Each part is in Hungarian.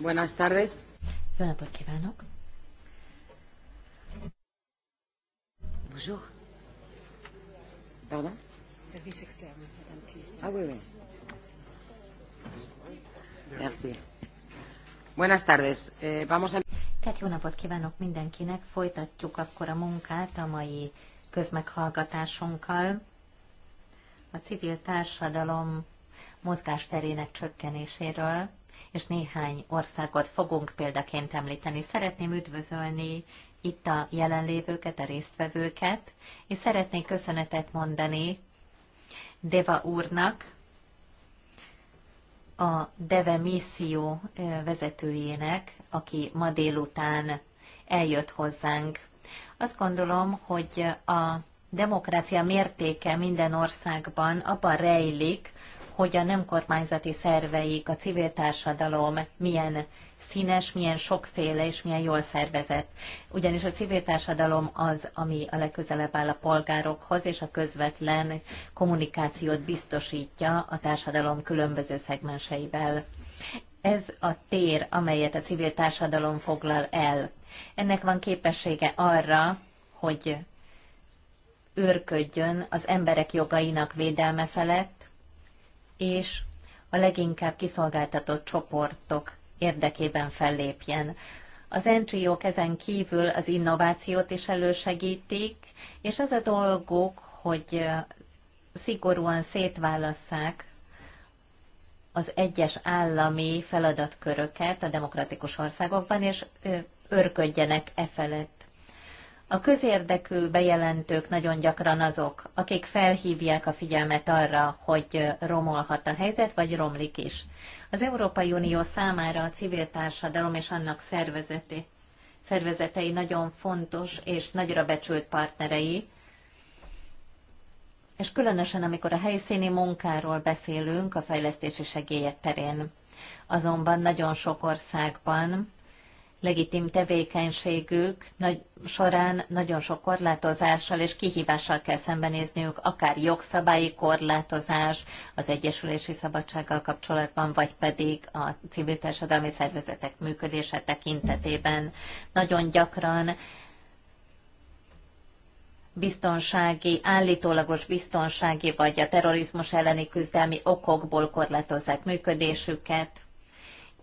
Buenas tardes. Jó napot kívánok. Bonjour. Pardon? Service externe, Ah oui, oui. Merci. Buenas tardes. Eh, vamos a... Tehát jó napot kívánok mindenkinek, folytatjuk akkor a munkát a mai közmeghallgatásunkkal. A civil társadalom mozgásterének csökkenéséről és néhány országot fogunk példaként említeni. Szeretném üdvözölni itt a jelenlévőket, a résztvevőket, és szeretnék köszönetet mondani Deva úrnak, a Deve misszió vezetőjének, aki ma délután eljött hozzánk. Azt gondolom, hogy a demokrácia mértéke minden országban abban rejlik, hogy a nem kormányzati szerveik, a civil társadalom milyen színes, milyen sokféle és milyen jól szervezett. Ugyanis a civil társadalom az, ami a legközelebb áll a polgárokhoz, és a közvetlen kommunikációt biztosítja a társadalom különböző szegmenseivel. Ez a tér, amelyet a civil társadalom foglal el. Ennek van képessége arra, hogy őrködjön az emberek jogainak védelme felett, és a leginkább kiszolgáltatott csoportok érdekében fellépjen. Az ngo ezen kívül az innovációt is elősegítik, és az a dolguk, hogy szigorúan szétválasszák az egyes állami feladatköröket a demokratikus országokban, és őrködjenek e felett. A közérdekű bejelentők nagyon gyakran azok, akik felhívják a figyelmet arra, hogy romolhat a helyzet, vagy romlik is. Az Európai Unió számára a civil társadalom és annak szervezeti, szervezetei nagyon fontos és nagyra becsült partnerei, és különösen amikor a helyszíni munkáról beszélünk a fejlesztési segélyek terén. Azonban nagyon sok országban legitim tevékenységük nagy, során nagyon sok korlátozással és kihívással kell szembenézniük, akár jogszabályi korlátozás az egyesülési szabadsággal kapcsolatban, vagy pedig a civil társadalmi szervezetek működése tekintetében. Nagyon gyakran biztonsági, állítólagos biztonsági vagy a terrorizmus elleni küzdelmi okokból korlátozzák működésüket,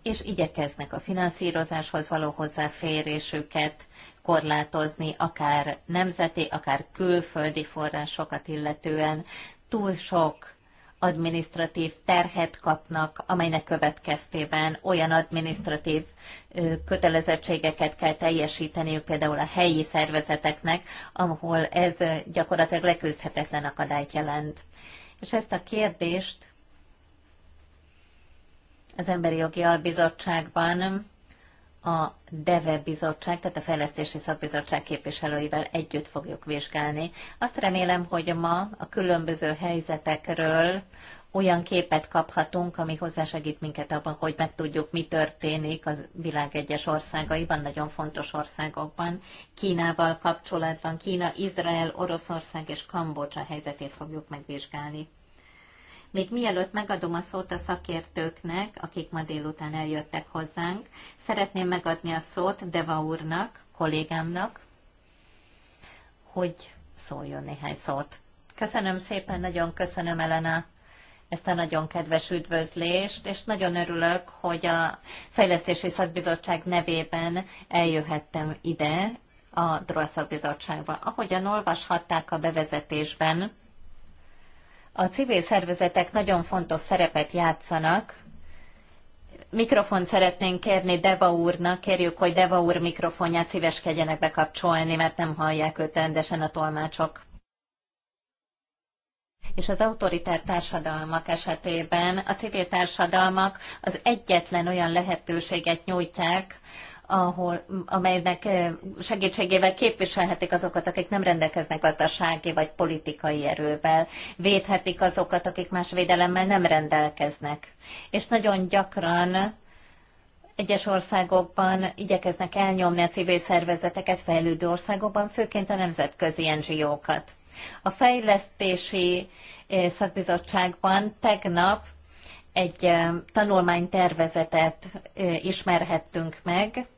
és igyekeznek a finanszírozáshoz való hozzáférésüket korlátozni, akár nemzeti, akár külföldi forrásokat illetően. Túl sok adminisztratív terhet kapnak, amelynek következtében olyan adminisztratív kötelezettségeket kell teljesíteniük például a helyi szervezeteknek, ahol ez gyakorlatilag leküzdhetetlen akadályt jelent. És ezt a kérdést az Emberi Jogi Albizottságban a DEVE bizottság, tehát a Fejlesztési Szakbizottság képviselőivel együtt fogjuk vizsgálni. Azt remélem, hogy ma a különböző helyzetekről olyan képet kaphatunk, ami hozzásegít minket abban, hogy megtudjuk, mi történik a világ egyes országaiban, nagyon fontos országokban. Kínával kapcsolatban Kína, Izrael, Oroszország és Kambodzsa helyzetét fogjuk megvizsgálni. Még mielőtt megadom a szót a szakértőknek, akik ma délután eljöttek hozzánk, szeretném megadni a szót Deva úrnak, kollégámnak, hogy szóljon néhány szót. Köszönöm szépen, nagyon köszönöm, Elena, ezt a nagyon kedves üdvözlést, és nagyon örülök, hogy a Fejlesztési Szakbizottság nevében eljöhettem ide, a Drosszak Bizottságba. Ahogyan olvashatták a bevezetésben, a civil szervezetek nagyon fontos szerepet játszanak. Mikrofon szeretnénk kérni Deva úrnak, kérjük, hogy Deva úr mikrofonját szíveskedjenek bekapcsolni, mert nem hallják őt rendesen a tolmácsok és az autoritár társadalmak esetében a civil társadalmak az egyetlen olyan lehetőséget nyújtják, ahol, amelynek segítségével képviselhetik azokat, akik nem rendelkeznek gazdasági vagy politikai erővel, védhetik azokat, akik más védelemmel nem rendelkeznek. És nagyon gyakran egyes országokban igyekeznek elnyomni a civil szervezeteket, fejlődő országokban, főként a nemzetközi NGO-kat. A fejlesztési szakbizottságban tegnap egy tanulmánytervezetet ismerhettünk meg,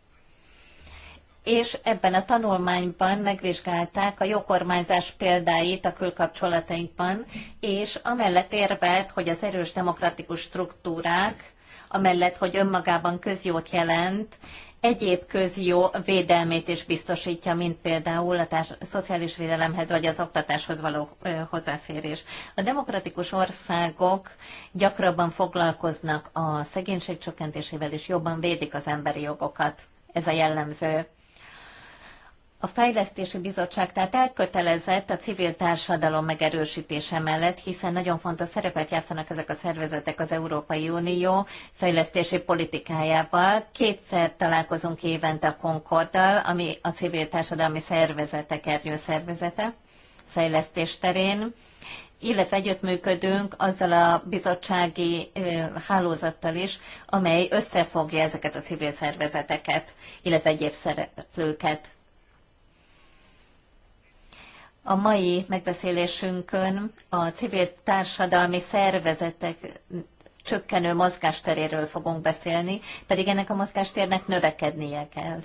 és ebben a tanulmányban megvizsgálták a jókormányzás példáit a külkapcsolatainkban, és amellett érvelt, hogy az erős demokratikus struktúrák, amellett, hogy önmagában közjót jelent, egyéb közjó védelmét is biztosítja, mint például a társ- szociális védelemhez vagy az oktatáshoz való hozzáférés. A demokratikus országok gyakrabban foglalkoznak a szegénység csökkentésével, és jobban védik az emberi jogokat. Ez a jellemző. A Fejlesztési Bizottság tehát elkötelezett a civil társadalom megerősítése mellett, hiszen nagyon fontos szerepet játszanak ezek a szervezetek az Európai Unió fejlesztési politikájában. Kétszer találkozunk évente a Concorddal, ami a civil társadalmi szervezetek szervezete fejlesztés terén illetve együttműködünk azzal a bizottsági hálózattal is, amely összefogja ezeket a civil szervezeteket, illetve egyéb szereplőket. A mai megbeszélésünkön a civil társadalmi szervezetek csökkenő mozgásteréről fogunk beszélni, pedig ennek a mozgástérnek növekednie kell.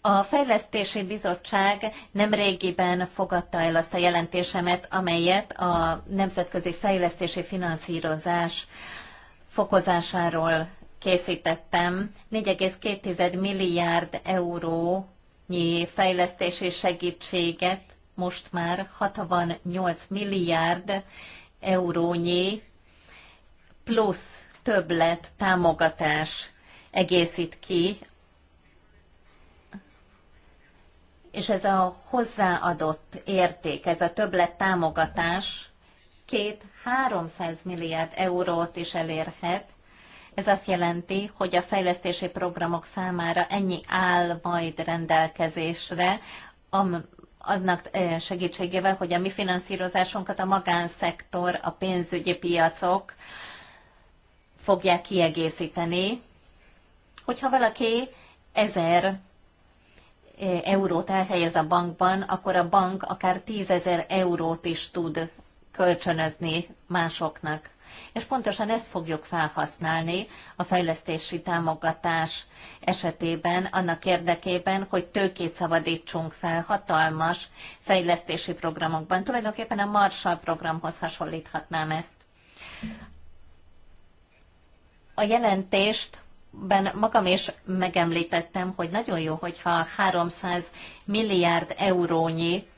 A Fejlesztési Bizottság nemrégiben fogadta el azt a jelentésemet, amelyet a nemzetközi fejlesztési finanszírozás fokozásáról készítettem. 4,2 milliárd eurónyi fejlesztési segítséget most már 68 milliárd eurónyi plusz többlet támogatás egészít ki, és ez a hozzáadott érték, ez a többlet támogatás két 300 milliárd eurót is elérhet. Ez azt jelenti, hogy a fejlesztési programok számára ennyi áll majd rendelkezésre, annak eh, segítségével, hogy a mi finanszírozásunkat a magánszektor, a pénzügyi piacok fogják kiegészíteni. Hogyha valaki ezer eh, eurót elhelyez a bankban, akkor a bank akár tízezer eurót is tud kölcsönözni másoknak és pontosan ezt fogjuk felhasználni a fejlesztési támogatás esetében annak érdekében, hogy tőkét szabadítsunk fel hatalmas fejlesztési programokban. Tulajdonképpen a Marshall programhoz hasonlíthatnám ezt. A jelentést ben magam is megemlítettem, hogy nagyon jó, hogyha 300 milliárd eurónyi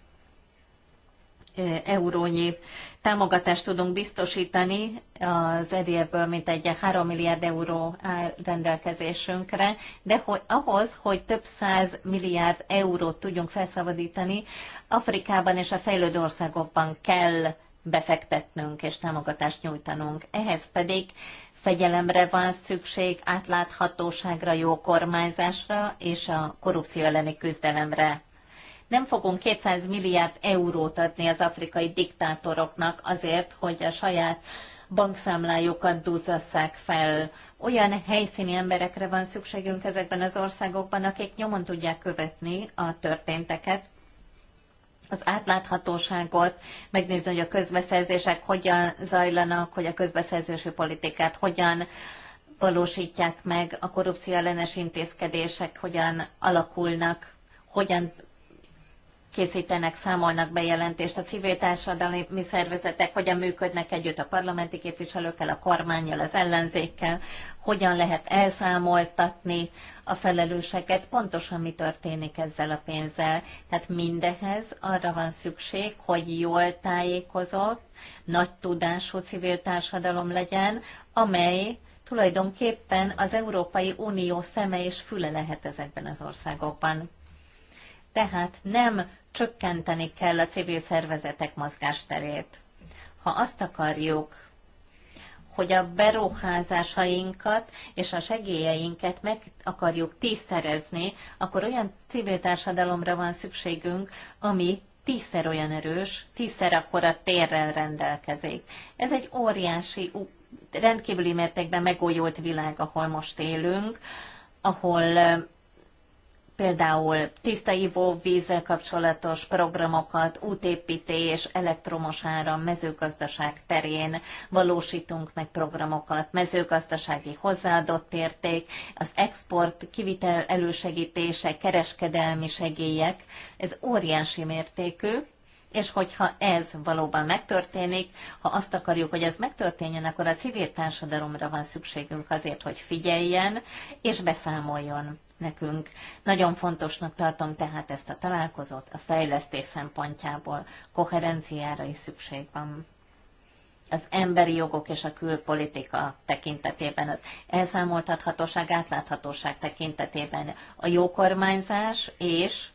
eurónyi támogatást tudunk biztosítani az EDF-ből, mint egy 3 milliárd euró áll rendelkezésünkre, de hogy ahhoz, hogy több száz milliárd eurót tudjunk felszabadítani, Afrikában és a fejlődő országokban kell befektetnünk és támogatást nyújtanunk. Ehhez pedig fegyelemre van szükség, átláthatóságra, jó kormányzásra és a korrupció elleni küzdelemre. Nem fogunk 200 milliárd eurót adni az afrikai diktátoroknak azért, hogy a saját bankszámlájukat duzzasszák fel. Olyan helyszíni emberekre van szükségünk ezekben az országokban, akik nyomon tudják követni a történteket, az átláthatóságot, megnézni, hogy a közbeszerzések hogyan zajlanak, hogy a közbeszerzési politikát hogyan valósítják meg, a korrupció ellenes intézkedések hogyan alakulnak, hogyan készítenek, számolnak bejelentést a civil társadalmi szervezetek, hogyan működnek együtt a parlamenti képviselőkkel, a kormányjal, az ellenzékkel, hogyan lehet elszámoltatni a felelőseket, pontosan mi történik ezzel a pénzzel. Tehát mindehez arra van szükség, hogy jól tájékozott, nagy tudású civil társadalom legyen, amely tulajdonképpen az Európai Unió szeme és füle lehet ezekben az országokban. Tehát nem csökkenteni kell a civil szervezetek mozgásterét. Ha azt akarjuk, hogy a beruházásainkat és a segélyeinket meg akarjuk tízszerezni, akkor olyan civil társadalomra van szükségünk, ami tízszer olyan erős, tízszer akkora térrel rendelkezik. Ez egy óriási, rendkívüli mértékben megújult világ, ahol most élünk, ahol például tiszta ivóvízzel kapcsolatos programokat, útépítés, elektromos áram, mezőgazdaság terén valósítunk meg programokat, mezőgazdasági hozzáadott érték, az export, kivitel elősegítése, kereskedelmi segélyek, ez óriási mértékű, és hogyha ez valóban megtörténik, ha azt akarjuk, hogy ez megtörténjen, akkor a civil társadalomra van szükségünk azért, hogy figyeljen és beszámoljon nekünk. Nagyon fontosnak tartom tehát ezt a találkozót, a fejlesztés szempontjából koherenciára is szükség van az emberi jogok és a külpolitika tekintetében, az elszámoltathatóság, átláthatóság tekintetében a jó kormányzás és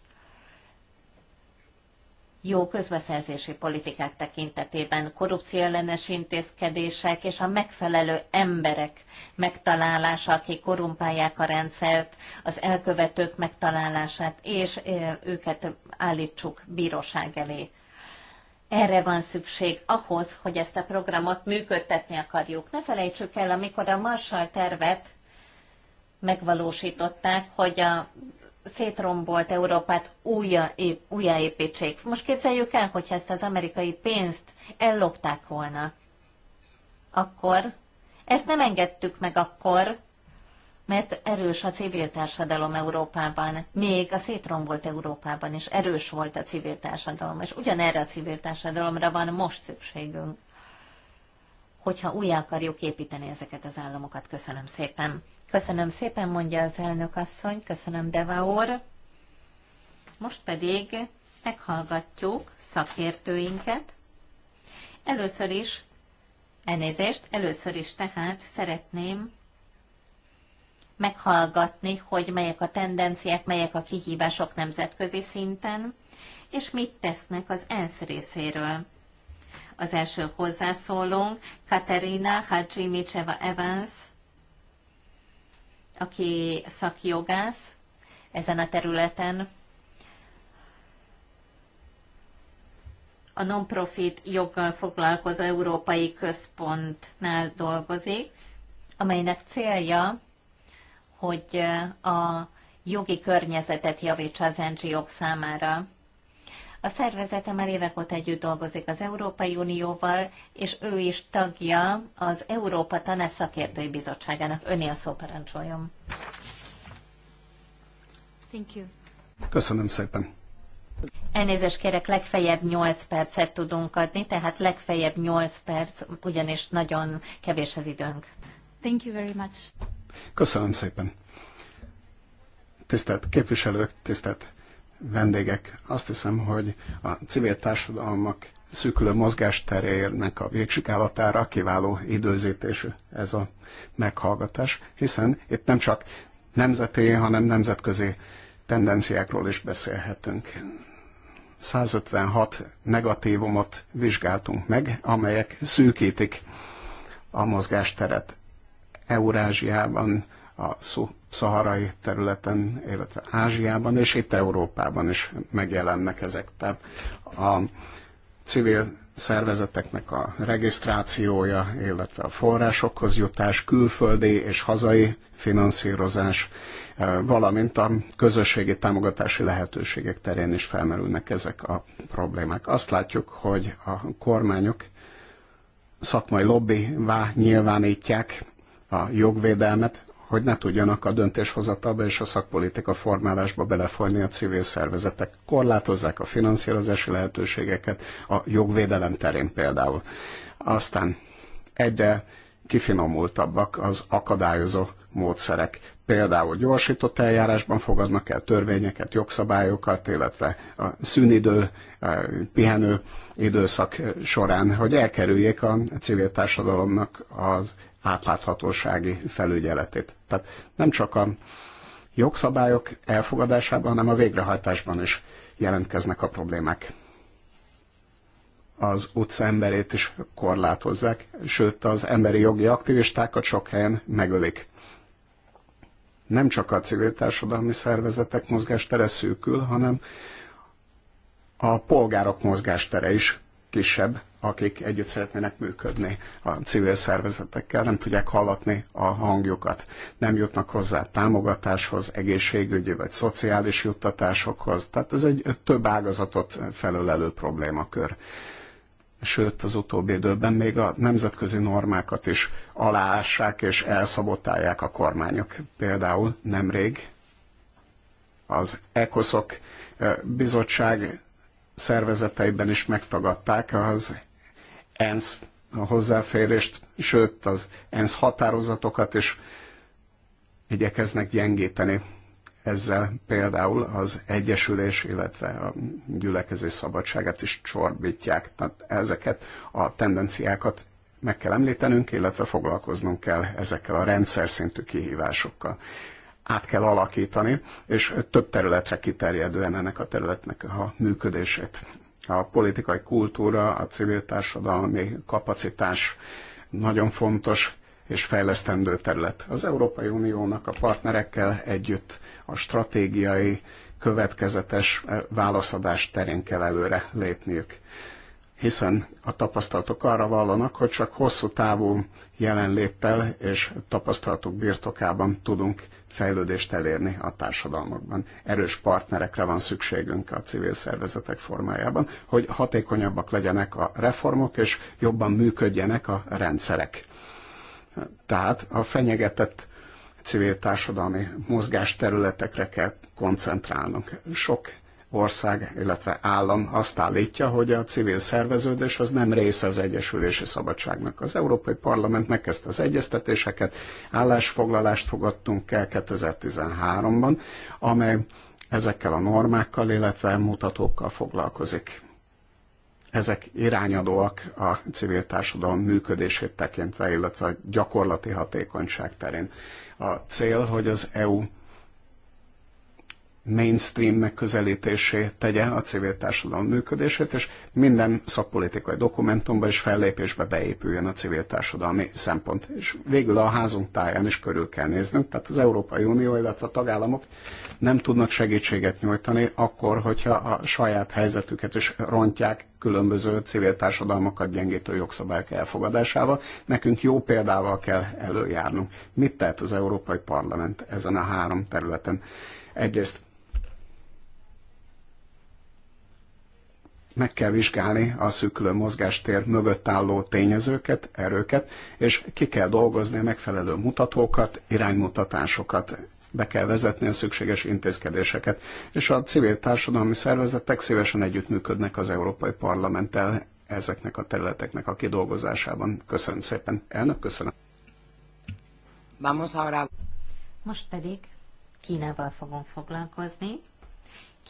jó közbeszerzési politikák tekintetében, korrupcióellenes intézkedések és a megfelelő emberek megtalálása, akik korumpálják a rendszert, az elkövetők megtalálását, és őket állítsuk bíróság elé. Erre van szükség ahhoz, hogy ezt a programot működtetni akarjuk. Ne felejtsük el, amikor a Marshall tervet megvalósították, hogy a szétrombolt Európát újjáépítsék. Újjá Most képzeljük el, hogyha ezt az amerikai pénzt ellopták volna, akkor ezt nem engedtük meg akkor, mert erős a civil társadalom Európában, még a szétrombolt Európában is erős volt a civil társadalom, és ugyanerre a civil társadalomra van most szükségünk hogyha újjá akarjuk építeni ezeket az államokat. Köszönöm szépen. Köszönöm szépen, mondja az elnök asszony, köszönöm Deva úr. Most pedig meghallgatjuk szakértőinket. Először is, elnézést, először is tehát szeretném meghallgatni, hogy melyek a tendenciák, melyek a kihívások nemzetközi szinten, és mit tesznek az ENSZ részéről. Az első hozzászólónk Katerina Hadzsimicseva Evans, aki szakjogász ezen a területen. A non-profit joggal foglalkozó Európai Központnál dolgozik, amelynek célja, hogy a jogi környezetet javítsa az NGO-k számára. A szervezete már évek óta együtt dolgozik az Európai Unióval, és ő is tagja az Európa Tanács Szakértői Bizottságának. Öné a szó parancsoljon. Thank you. Köszönöm szépen. Elnézést kérek, legfeljebb 8 percet tudunk adni, tehát legfeljebb 8 perc, ugyanis nagyon kevés az időnk. Thank you very much. Köszönöm szépen. Tisztelt képviselők, tisztelt vendégek, azt hiszem, hogy a civil társadalmak szűkülő mozgásterének a végsikálatára kiváló időzítésű ez a meghallgatás, hiszen itt nem csak nemzeti, hanem nemzetközi tendenciákról is beszélhetünk. 156 negatívumot vizsgáltunk meg, amelyek szűkítik a mozgásteret. Eurázsiában, a szaharai területen, illetve Ázsiában, és itt Európában is megjelennek ezek. Tehát a civil szervezeteknek a regisztrációja, illetve a forrásokhoz jutás, külföldi és hazai finanszírozás, eh, valamint a közösségi támogatási lehetőségek terén is felmerülnek ezek a problémák. Azt látjuk, hogy a kormányok szakmai lobbivá nyilvánítják a jogvédelmet, hogy ne tudjanak a döntéshozatalba és a szakpolitika formálásba belefolyni a civil szervezetek. Korlátozzák a finanszírozási lehetőségeket a jogvédelem terén például. Aztán egyre kifinomultabbak az akadályozó módszerek. Például gyorsított eljárásban fogadnak el törvényeket, jogszabályokat, illetve a szünidő, a eh, pihenő időszak során, hogy elkerüljék a civil társadalomnak az átláthatósági felügyeletét. Tehát nem csak a jogszabályok elfogadásában, hanem a végrehajtásban is jelentkeznek a problémák. Az utca emberét is korlátozzák, sőt az emberi jogi aktivistákat sok helyen megölik. Nem csak a civil társadalmi szervezetek mozgástere szűkül, hanem a polgárok mozgástere is kisebb, akik együtt szeretnének működni a civil szervezetekkel, nem tudják hallatni a hangjukat, nem jutnak hozzá támogatáshoz, egészségügyi vagy szociális juttatásokhoz. Tehát ez egy több ágazatot felölelő problémakör. Sőt, az utóbbi időben még a nemzetközi normákat is aláássák és elszabotálják a kormányok. Például nemrég az ECOSZOK eh, bizottság szervezeteiben is megtagadták az ENSZ hozzáférést, sőt az ENSZ határozatokat is igyekeznek gyengíteni. Ezzel például az egyesülés, illetve a gyülekezés szabadságát is csorbítják. Tehát ezeket a tendenciákat meg kell említenünk, illetve foglalkoznunk kell ezekkel a rendszer szintű kihívásokkal át kell alakítani, és több területre kiterjedően ennek a területnek a működését. A politikai kultúra, a civil társadalmi kapacitás nagyon fontos és fejlesztendő terület. Az Európai Uniónak a partnerekkel együtt a stratégiai következetes válaszadás terén kell előre lépniük. Hiszen a tapasztalatok arra vallanak, hogy csak hosszú távú jelenléttel és tapasztalatok birtokában tudunk fejlődést elérni a társadalmakban. Erős partnerekre van szükségünk a civil szervezetek formájában, hogy hatékonyabbak legyenek a reformok, és jobban működjenek a rendszerek. Tehát a fenyegetett civil társadalmi mozgásterületekre kell koncentrálnunk. Sok ország, illetve állam azt állítja, hogy a civil szerveződés az nem része az Egyesülési Szabadságnak. Az Európai Parlament megkezdte az egyeztetéseket, állásfoglalást fogadtunk el 2013-ban, amely ezekkel a normákkal, illetve mutatókkal foglalkozik. Ezek irányadóak a civil társadalom működését tekintve, illetve gyakorlati hatékonyság terén. A cél, hogy az EU mainstream megközelítésé tegye a civil társadalom működését, és minden szakpolitikai dokumentumba és fellépésbe beépüljön a civil társadalmi szempont. És végül a házunk táján is körül kell néznünk, tehát az Európai Unió, illetve a tagállamok nem tudnak segítséget nyújtani akkor, hogyha a saját helyzetüket is rontják különböző civil társadalmakat gyengítő jogszabályok elfogadásával. Nekünk jó példával kell előjárnunk. Mit tehet az Európai Parlament ezen a három területen? Egyrészt meg kell vizsgálni a szűkülő mozgástér mögött álló tényezőket, erőket, és ki kell dolgozni a megfelelő mutatókat, iránymutatásokat, be kell vezetni a szükséges intézkedéseket, és a civil társadalmi szervezetek szívesen együttműködnek az Európai Parlamenttel ezeknek a területeknek a kidolgozásában. Köszönöm szépen, elnök, köszönöm. Vamos ahora. Most pedig Kínával fogunk foglalkozni.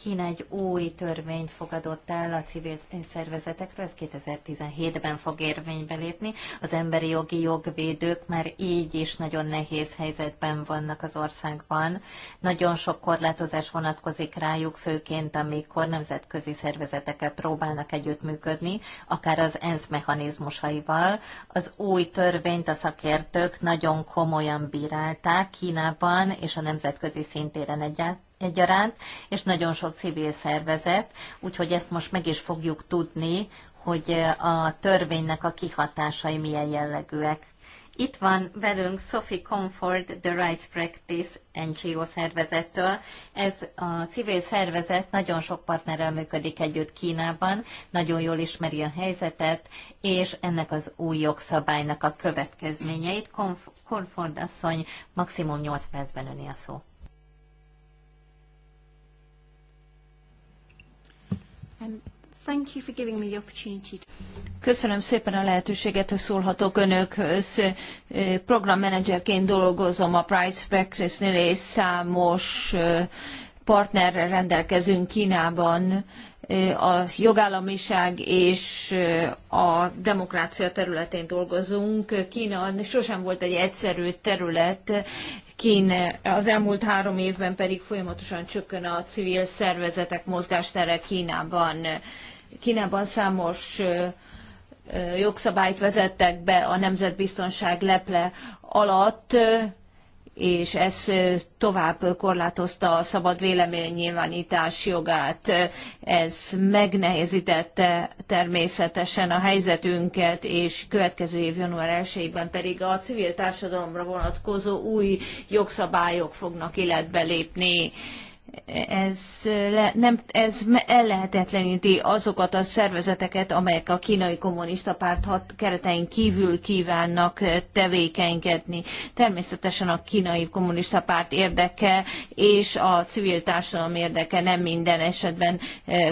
Kína egy új törvényt fogadott el a civil szervezetekről, ez 2017-ben fog érvénybe lépni. Az emberi jogi jogvédők már így is nagyon nehéz helyzetben vannak az országban. Nagyon sok korlátozás vonatkozik rájuk, főként amikor nemzetközi szervezetekkel próbálnak együttműködni, akár az ENSZ mechanizmusaival. Az új törvényt a szakértők nagyon komolyan bírálták Kínában és a nemzetközi szintéren egyáltalán egyaránt, és nagyon sok civil szervezet, úgyhogy ezt most meg is fogjuk tudni, hogy eh, a törvénynek a kihatásai milyen jellegűek. Itt van velünk Sophie Comfort, The Rights Practice NGO szervezettől. Ez a civil szervezet nagyon sok partnerrel működik együtt Kínában, nagyon jól ismeri a helyzetet, és ennek az új jogszabálynak a következményeit. Comfort asszony, maximum 8 percben öni a szó. Um, Köszönöm szépen a lehetőséget, hogy szólhatok önökhöz. Programmenedzserként dolgozom a Price Practice-nél, és számos partnerrel rendelkezünk Kínában a jogállamiság és a demokrácia területén dolgozunk. Kína sosem volt egy egyszerű terület, kéne, az elmúlt három évben pedig folyamatosan csökken a civil szervezetek mozgástere Kínában. Kínában számos jogszabályt vezettek be a nemzetbiztonság leple alatt, és ez tovább korlátozta a szabad véleménynyilvánítás jogát. Ez megnehezítette természetesen a helyzetünket, és következő év január 1-ben pedig a civil társadalomra vonatkozó új jogszabályok fognak életbe lépni ez, le, nem, ez ellehetetleníti azokat a szervezeteket, amelyek a kínai kommunista párt hat keretein kívül kívánnak tevékenykedni. Természetesen a kínai kommunista párt érdeke és a civil társadalom érdeke nem minden esetben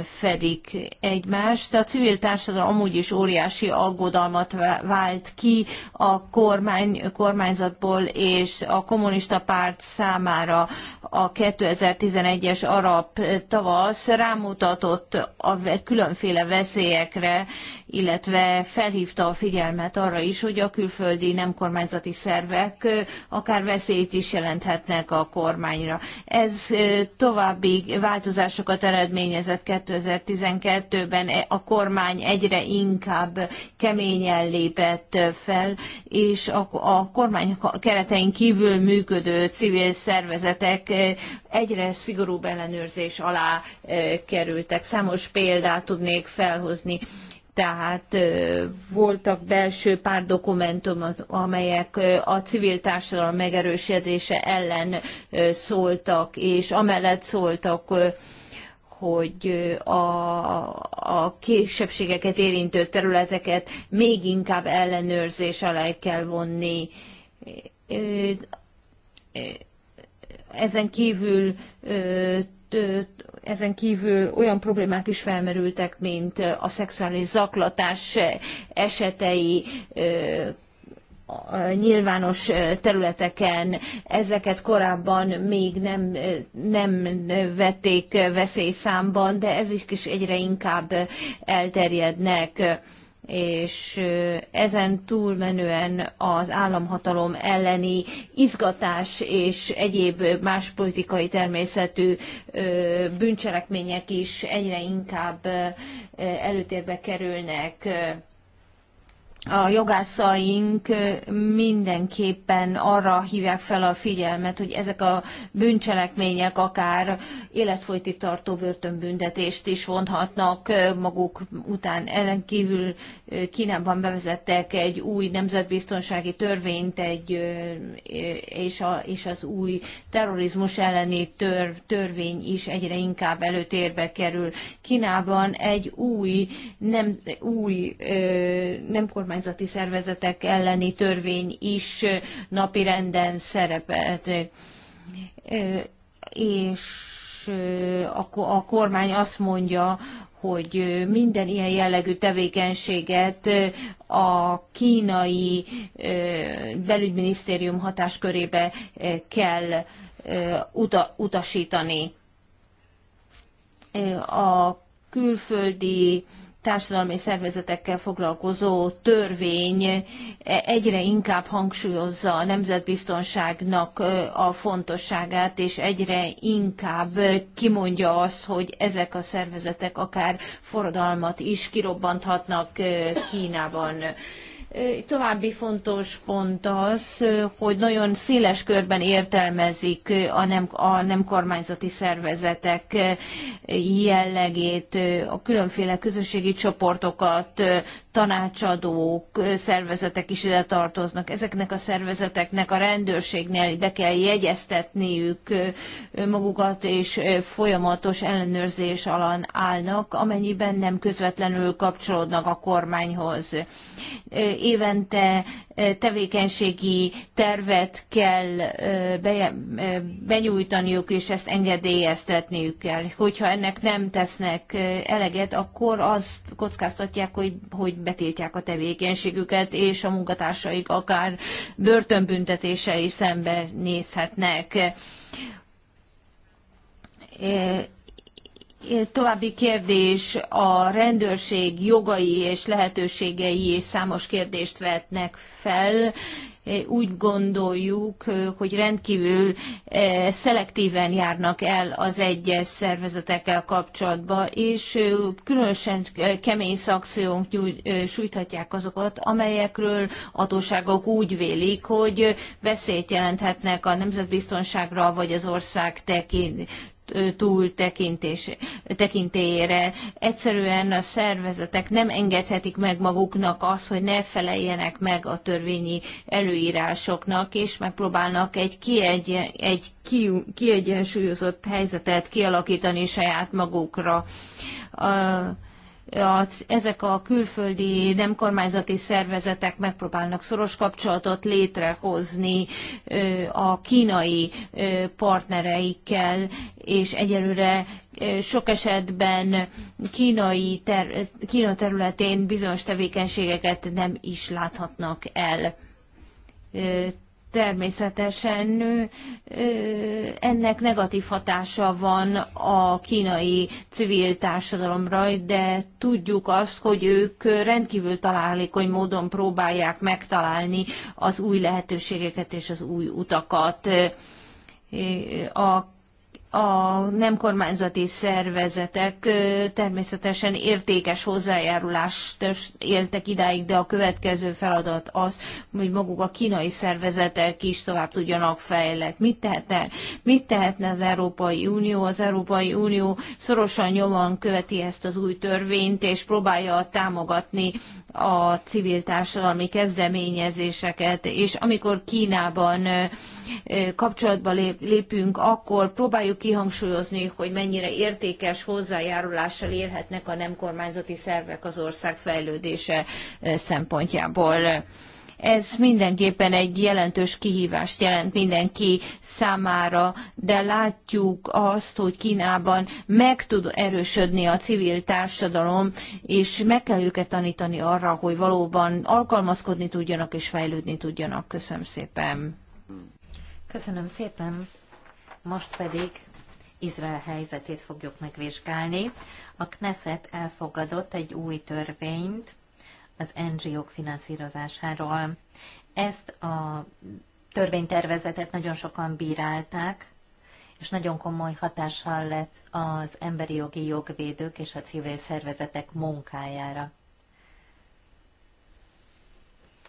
fedik egymást. A civil társadalom amúgy is óriási aggodalmat vált ki a kormány, kormányzatból, és a kommunista párt számára a 2011 2011-es arab tavasz rámutatott a különféle veszélyekre, illetve felhívta a figyelmet arra is, hogy a külföldi nem kormányzati szervek akár veszélyt is jelenthetnek a kormányra. Ez további változásokat eredményezett 2012-ben. E, a kormány egyre inkább keményen lépett fel, és a, kormány keretein kívül működő civil szervezetek egyre szigorúbban szigorúbb ellenőrzés alá e, kerültek. Számos példát tudnék felhozni tehát e, voltak belső pár dokumentumok, amelyek e, a civil társadalom megerősítése ellen szóltak, és amellett szóltak, hogy a, a kisebbségeket érintő területeket még inkább ellenőrzés alá kell vonni ezen kívül ezen kívül olyan problémák is felmerültek, mint a szexuális zaklatás esetei, nyilvános területeken ezeket korábban még nem, nem vették veszélyszámban, de ez is egyre inkább elterjednek és ezen túlmenően az államhatalom elleni izgatás és egyéb más politikai természetű bűncselekmények is egyre inkább előtérbe kerülnek a jogászaink mindenképpen arra hívják fel a figyelmet, hogy ezek a bűncselekmények akár életfolytig tartó börtönbüntetést is vonhatnak maguk után. Ellen kívül Kínában bevezettek egy új nemzetbiztonsági törvényt, egy, és, a, és az új terrorizmus elleni tör, törvény is egyre inkább előtérbe kerül. Kínában egy új, nem, új nem kormány önkormányzati szervezetek elleni törvény is napirenden szerepelt. És a kormány azt mondja, hogy minden ilyen jellegű tevékenységet a kínai belügyminisztérium hatáskörébe kell utasítani. A külföldi társadalmi szervezetekkel foglalkozó törvény egyre inkább hangsúlyozza a nemzetbiztonságnak a fontosságát, és egyre inkább kimondja azt, hogy ezek a szervezetek akár forradalmat is kirobbanthatnak Kínában. További fontos pont az, hogy nagyon széles körben értelmezik a nem, a nem kormányzati szervezetek jellegét, a különféle közösségi csoportokat, tanácsadók, szervezetek is ide tartoznak. Ezeknek a szervezeteknek a rendőrségnél be kell jegyeztetniük magukat, és folyamatos ellenőrzés alan állnak, amennyiben nem közvetlenül kapcsolódnak a kormányhoz. Évente tevékenységi tervet kell be, benyújtaniuk, és ezt engedélyeztetniük kell. Hogyha ennek nem tesznek eleget, akkor azt kockáztatják, hogy, hogy betiltják a tevékenységüket, és a munkatársaik akár börtönbüntetése is szembe nézhetnek. E, e, további kérdés, a rendőrség jogai és lehetőségei és számos kérdést vetnek fel, úgy gondoljuk, hogy rendkívül szelektíven járnak el az egyes szervezetekkel kapcsolatban, és különösen kemény szakciónk sújthatják azokat, amelyekről hatóságok úgy vélik, hogy veszélyt jelenthetnek a nemzetbiztonságra vagy az ország tekint túl tekintés, tekintélyére. Egyszerűen a szervezetek nem engedhetik meg maguknak azt, hogy ne feleljenek meg a törvényi előírásoknak, és megpróbálnak egy, kiegy, egy ki, kiegyensúlyozott helyzetet kialakítani saját magukra. A, a, ezek a külföldi nem kormányzati szervezetek megpróbálnak szoros kapcsolatot létrehozni a kínai partnereikkel, és egyelőre sok esetben kínai ter, Kína területén bizonyos tevékenységeket nem is láthatnak el természetesen ennek negatív hatása van a kínai civil társadalomra, de tudjuk azt, hogy ők rendkívül találékony módon próbálják megtalálni az új lehetőségeket és az új utakat. A a nem kormányzati szervezetek természetesen értékes hozzájárulást éltek idáig, de a következő feladat az, hogy maguk a kínai szervezetek is tovább tudjanak fejlett. Mit tehetne, mit tehetne az Európai Unió? Az Európai Unió szorosan nyomon követi ezt az új törvényt, és próbálja támogatni a civil társadalmi kezdeményezéseket, és amikor Kínában kapcsolatba lépünk, akkor próbáljuk kihangsúlyozni, hogy mennyire értékes hozzájárulással érhetnek a nem kormányzati szervek az ország fejlődése szempontjából. Ez mindenképpen egy jelentős kihívást jelent mindenki számára, de látjuk azt, hogy Kínában meg tud erősödni a civil társadalom, és meg kell őket tanítani arra, hogy valóban alkalmazkodni tudjanak és fejlődni tudjanak. Köszönöm szépen. Köszönöm szépen. Most pedig Izrael helyzetét fogjuk megvizsgálni. A Knesset elfogadott egy új törvényt, az NGO-k finanszírozásáról. Ezt a törvénytervezetet nagyon sokan bírálták, és nagyon komoly hatással lett az emberi jogi jogvédők és a civil szervezetek munkájára.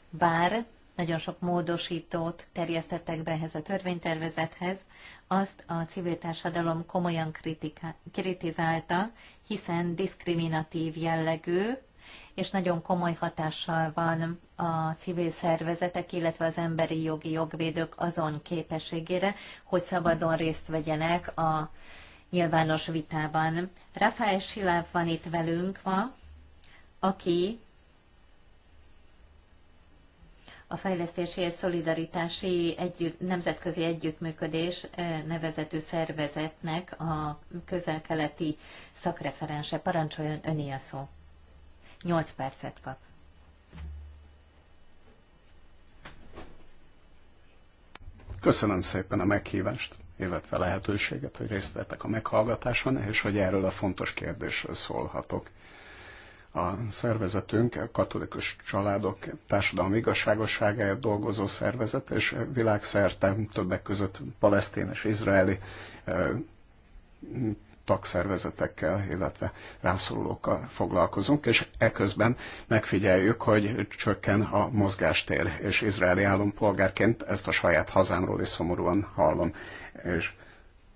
Bár nagyon sok módosítót terjesztettek be ehhez a törvénytervezethez, azt a civil társadalom komolyan kritika, kritizálta, hiszen diszkriminatív jellegű, és nagyon komoly hatással van a civil szervezetek, illetve az emberi jogi jogvédők azon képességére, hogy szabadon részt vegyenek a nyilvános vitában. Rafael Siláv van itt velünk ma, aki a Fejlesztési és Szolidaritási együtt, Nemzetközi Együttműködés eh, nevezetű szervezetnek a közel-keleti szakreferense. Parancsoljon öné a szó. 8 percet kap. Köszönöm szépen a meghívást, illetve lehetőséget, hogy részt vettek a meghallgatáson, és hogy erről a fontos kérdésről szólhatok. A szervezetünk a Katolikus Családok Társadalmi Igazságosságáért dolgozó szervezet, és világszerte többek között palesztén és izraeli eh, tagszervezetekkel, illetve rászorulókkal foglalkozunk, és eközben megfigyeljük, hogy csökken a mozgástér, és izraeli állampolgárként ezt a saját hazámról is szomorúan hallom. És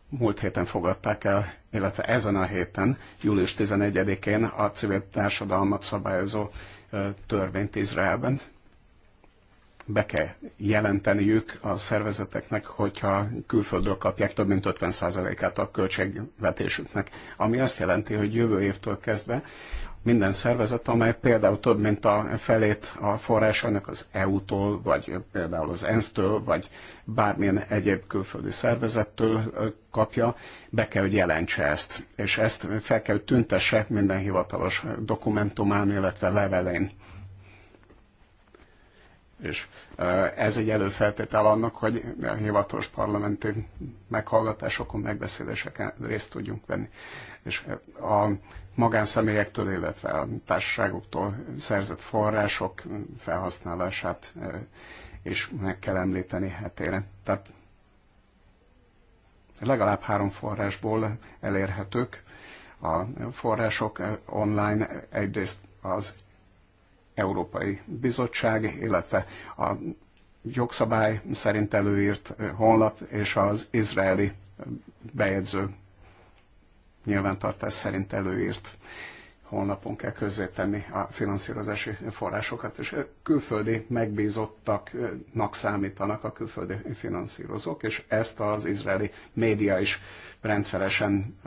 múlt héten fogadták el, illetve ezen a héten, július 11-én a civil társadalmat szabályozó törvényt Izraelben, be kell jelenteniük a szervezeteknek, hogyha külföldről kapják több mint 50%-át a költségvetésüknek. Ami azt jelenti, hogy jövő évtől kezdve minden szervezet, amely például több mint a felét a forrásának az EU-tól, vagy például az ENSZ-től, vagy bármilyen egyéb külföldi szervezettől kapja, be kell, hogy jelentse ezt. És ezt fel kell, hogy tüntesse minden hivatalos dokumentumán, illetve levelén. És ez egy előfeltétel annak, hogy a hivatalos parlamenti meghallgatásokon, megbeszéléseken részt tudjunk venni. És a magánszemélyektől, illetve a társaságoktól szerzett források felhasználását is meg kell említeni hetére. Tehát legalább három forrásból elérhetők a források online, egyrészt az Európai Bizottság, illetve a jogszabály szerint előírt honlap és az izraeli bejegyző nyilvántartás szerint előírt honlapon kell közzétenni a finanszírozási forrásokat, és külföldi megbízottaknak számítanak a külföldi finanszírozók, és ezt az izraeli média is rendszeresen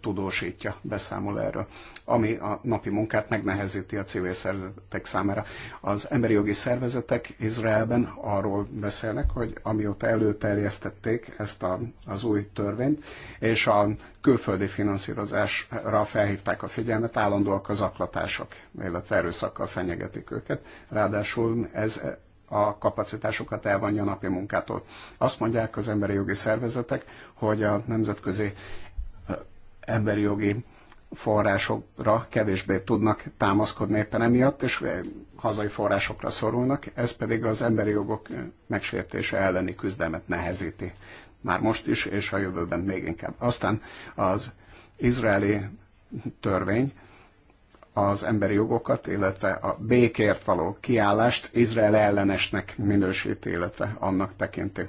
tudósítja, beszámol erről, ami a napi munkát megnehezíti a civil szervezetek számára. Az emberi jogi szervezetek Izraelben arról beszélnek, hogy amióta előterjesztették ezt a, az új törvényt, és a külföldi finanszírozásra felhívták a figyelmet, állandóak az aklatások, illetve erőszakkal fenyegetik őket. Ráadásul ez a kapacitásukat elvonja a napi munkától. Azt mondják az emberi jogi szervezetek, hogy a nemzetközi emberi jogi forrásokra kevésbé tudnak támaszkodni éppen emiatt, és eh, hazai forrásokra szorulnak, ez pedig az emberi jogok eh, megsértése elleni küzdelmet nehezíti. Már most is, és a jövőben még inkább. Aztán az izraeli törvény az emberi jogokat, illetve a békért való kiállást Izrael ellenesnek minősíti, illetve annak tekinti.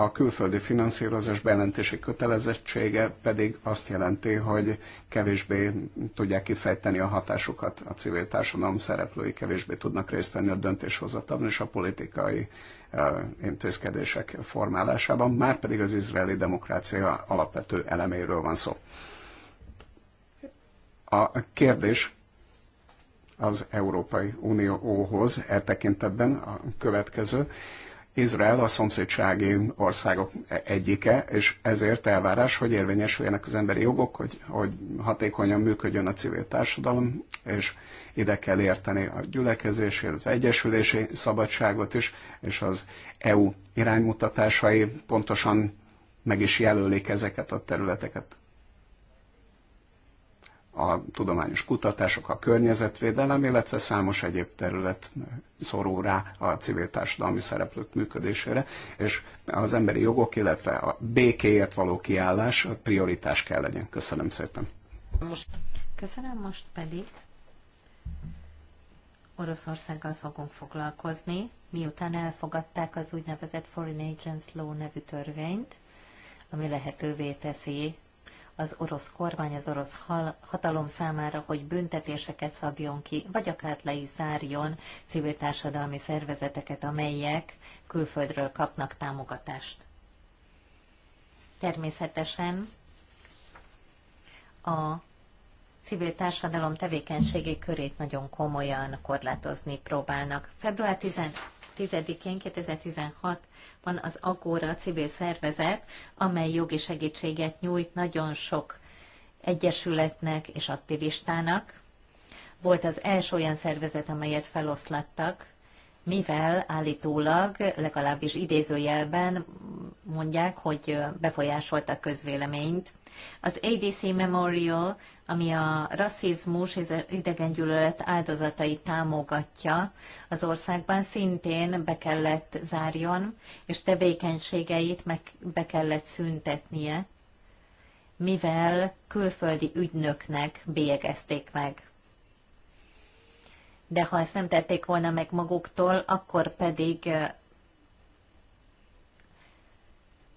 A külföldi finanszírozás bejelentési kötelezettsége pedig azt jelenti, hogy kevésbé tudják kifejteni a hatásukat, a civil társadalom szereplői kevésbé tudnak részt venni a döntéshozatban és a politikai e, intézkedések formálásában, már pedig az izraeli demokrácia alapvető eleméről van szó. A kérdés az Európai Unióhoz e tekintetben a következő Izrael a szomszédsági országok e- egyike, és ezért elvárás, hogy érvényesüljenek az emberi jogok, hogy, hogy hatékonyan működjön a civil társadalom, és ide kell érteni a gyülekezési, illetve egyesülési szabadságot is, és az EU iránymutatásai pontosan meg is jelölik ezeket a területeket a tudományos kutatások, a környezetvédelem, illetve számos egyéb terület szorul rá a civil társadalmi szereplők működésére, és az emberi jogok, illetve a békéért való kiállás a prioritás kell legyen. Köszönöm szépen. Most. Köszönöm, most pedig Oroszországgal fogunk foglalkozni, miután elfogadták az úgynevezett Foreign Agents Law nevű törvényt, ami lehetővé teszi az orosz kormány, az orosz hatalom számára, hogy büntetéseket szabjon ki, vagy akár le is zárjon civil társadalmi szervezeteket, amelyek külföldről kapnak támogatást. Természetesen a civil társadalom tevékenységi körét nagyon komolyan korlátozni próbálnak. Február 10 10-én 2016-ban az Agora civil szervezet, amely jogi segítséget nyújt nagyon sok egyesületnek és aktivistának. Volt az első olyan szervezet, amelyet feloszlattak, mivel állítólag, legalábbis idézőjelben mondják, hogy befolyásoltak közvéleményt. Az ADC Memorial, ami a rasszizmus és idegengyűlölet áldozatait támogatja az országban, szintén be kellett zárjon, és tevékenységeit meg be kellett szüntetnie, mivel külföldi ügynöknek bélyegezték meg de ha ezt nem tették volna meg maguktól, akkor pedig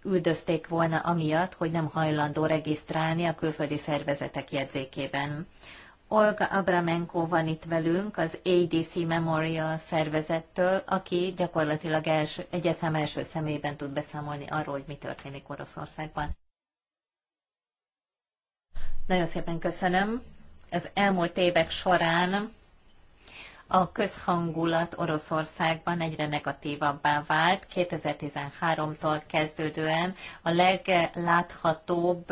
üldözték volna amiatt, hogy nem hajlandó regisztrálni a külföldi szervezetek jegyzékében. Olga Abramenko van itt velünk az ADC Memorial szervezettől, aki gyakorlatilag első, egyeszem első személyben tud beszámolni arról, hogy mi történik Oroszországban. Nagyon szépen köszönöm. Az elmúlt évek során a közhangulat Oroszországban egyre negatívabbá vált. 2013-tól kezdődően a legláthatóbb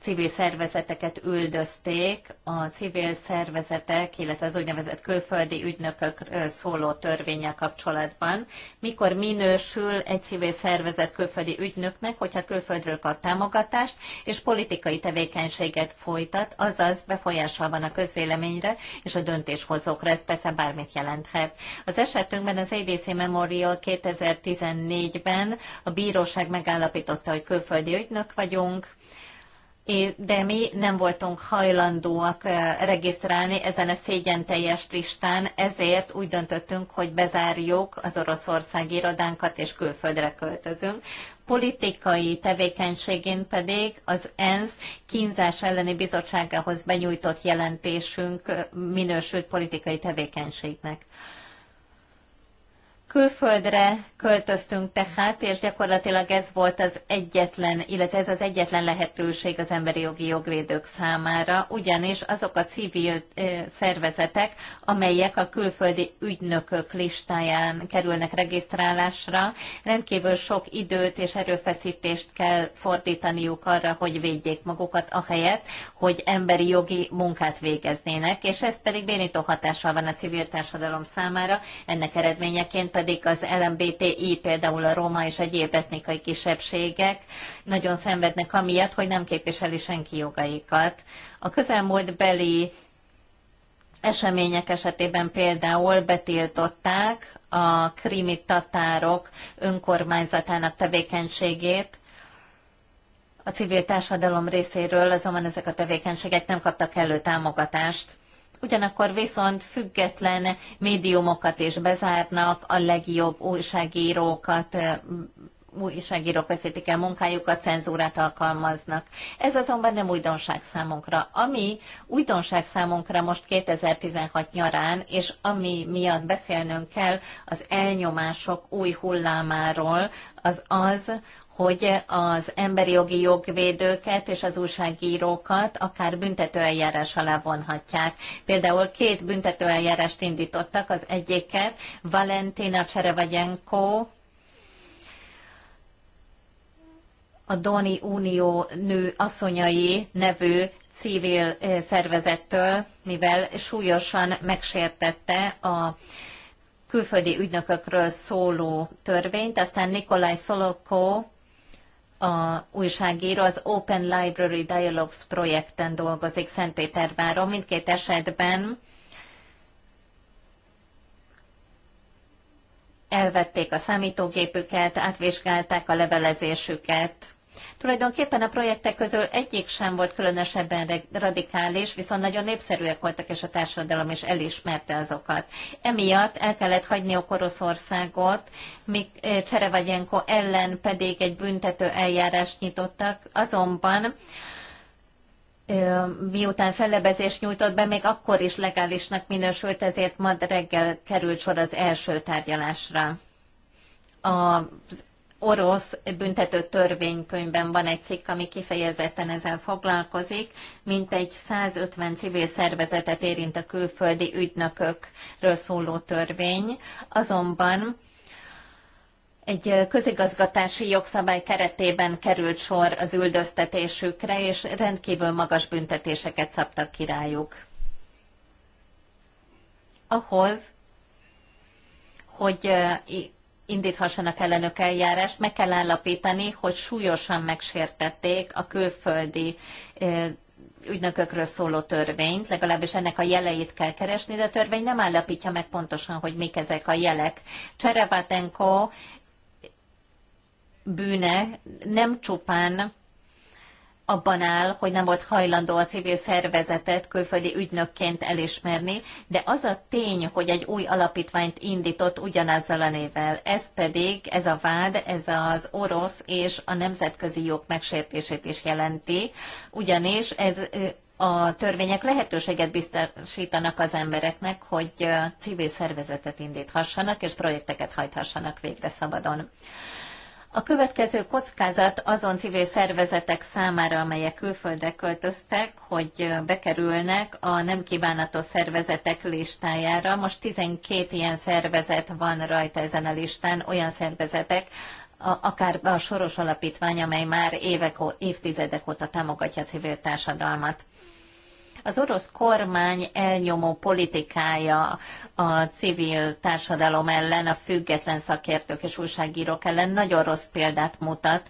civil szervezeteket üldözték, a civil szervezetek, illetve az úgynevezett külföldi ügynökök szóló törvénye kapcsolatban. Mikor minősül egy civil szervezet külföldi ügynöknek, hogyha külföldről kap támogatást, és politikai tevékenységet folytat, azaz befolyással van a közvéleményre és a döntéshozókra. Ez persze bár bármit jelenthet. Az esetünkben az ABC Memorial 2014-ben a bíróság megállapította, hogy külföldi ügynök vagyunk, de mi nem voltunk hajlandóak regisztrálni ezen a szégyen teljes listán, ezért úgy döntöttünk, hogy bezárjuk az Oroszország irodánkat és külföldre költözünk politikai tevékenységén pedig az ENSZ kínzás elleni bizottságához benyújtott jelentésünk minősült politikai tevékenységnek. Külföldre költöztünk tehát, és gyakorlatilag ez volt az egyetlen, illetve ez az egyetlen lehetőség az emberi jogi jogvédők számára, ugyanis azok a civil szervezetek, amelyek a külföldi ügynökök listáján kerülnek regisztrálásra, rendkívül sok időt és erőfeszítést kell fordítaniuk arra, hogy védjék magukat ahelyett, hogy emberi jogi munkát végeznének, és ez pedig bénító hatással van a civil társadalom számára, ennek eredményeként pedig pedig az LMBTI, például a roma és egyéb etnikai kisebbségek nagyon szenvednek amiatt, hogy nem képviseli senki jogaikat. A közelmúltbeli események esetében például betiltották a krimi tatárok önkormányzatának tevékenységét, a civil társadalom részéről azonban ezek a tevékenységek nem kaptak elő támogatást ugyanakkor viszont független médiumokat is bezárnak, a legjobb újságírókat újságírók veszítik el munkájukat, cenzúrát alkalmaznak. Ez azonban nem újdonság számunkra. Ami újdonság számunkra most 2016 nyarán, és ami miatt beszélnünk kell az elnyomások új hullámáról, az az, hogy az emberi jogi jogvédőket és az újságírókat akár büntetőeljárás alá vonhatják. Például két büntetőeljárást indítottak, az egyiket Valentina Cserevagyenko, a Doni Unió nő asszonyai nevű civil eh, szervezettől, mivel súlyosan megsértette a külföldi ügynökökről szóló törvényt, aztán Nikolaj Szolokó a újságíró az Open Library Dialogues projekten dolgozik Szentpéterváron. Mindkét esetben elvették a számítógépüket, átvizsgálták a levelezésüket, Tulajdonképpen a projektek közül egyik sem volt különösebben radikális, viszont nagyon népszerűek voltak, és a társadalom is elismerte azokat. Emiatt el kellett a Oroszországot, míg eh, Cserevagyenko ellen pedig egy büntető eljárást nyitottak, azonban eh, miután fellebezést nyújtott be, még akkor is legálisnak minősült, ezért ma reggel került sor az első tárgyalásra. Az orosz büntető törvénykönyvben van egy cikk, ami kifejezetten ezzel foglalkozik, mint egy 150 civil szervezetet érint a külföldi ügynökökről szóló törvény, azonban egy közigazgatási jogszabály keretében került sor az üldöztetésükre, és rendkívül magas büntetéseket szabtak királyuk. Ahhoz, hogy eh, indíthassanak ellenök eljárást, meg kell állapítani, hogy súlyosan megsértették a külföldi ügynökökről szóló törvényt, legalábbis ennek a jeleit kell keresni, de a törvény nem állapítja meg pontosan, hogy mik ezek a jelek. Cserevatenko bűne nem csupán abban áll, hogy nem volt hajlandó a civil szervezetet külföldi ügynökként elismerni, de az a tény, hogy egy új alapítványt indított ugyanazzal a nével. Ez pedig, ez a vád, ez az orosz és a nemzetközi jog megsértését is jelenti, ugyanis ez a törvények lehetőséget biztosítanak az embereknek, hogy civil szervezetet indíthassanak és projekteket hajthassanak végre szabadon. A következő kockázat azon civil szervezetek számára, amelyek külföldre költöztek, hogy bekerülnek a nem kívánatos szervezetek listájára. Most 12 ilyen szervezet van rajta ezen a listán, olyan szervezetek, akár a Soros Alapítvány, amely már évek, évtizedek óta támogatja a civil társadalmat. Az orosz kormány elnyomó politikája a civil társadalom ellen, a független szakértők és újságírók ellen nagyon rossz példát mutat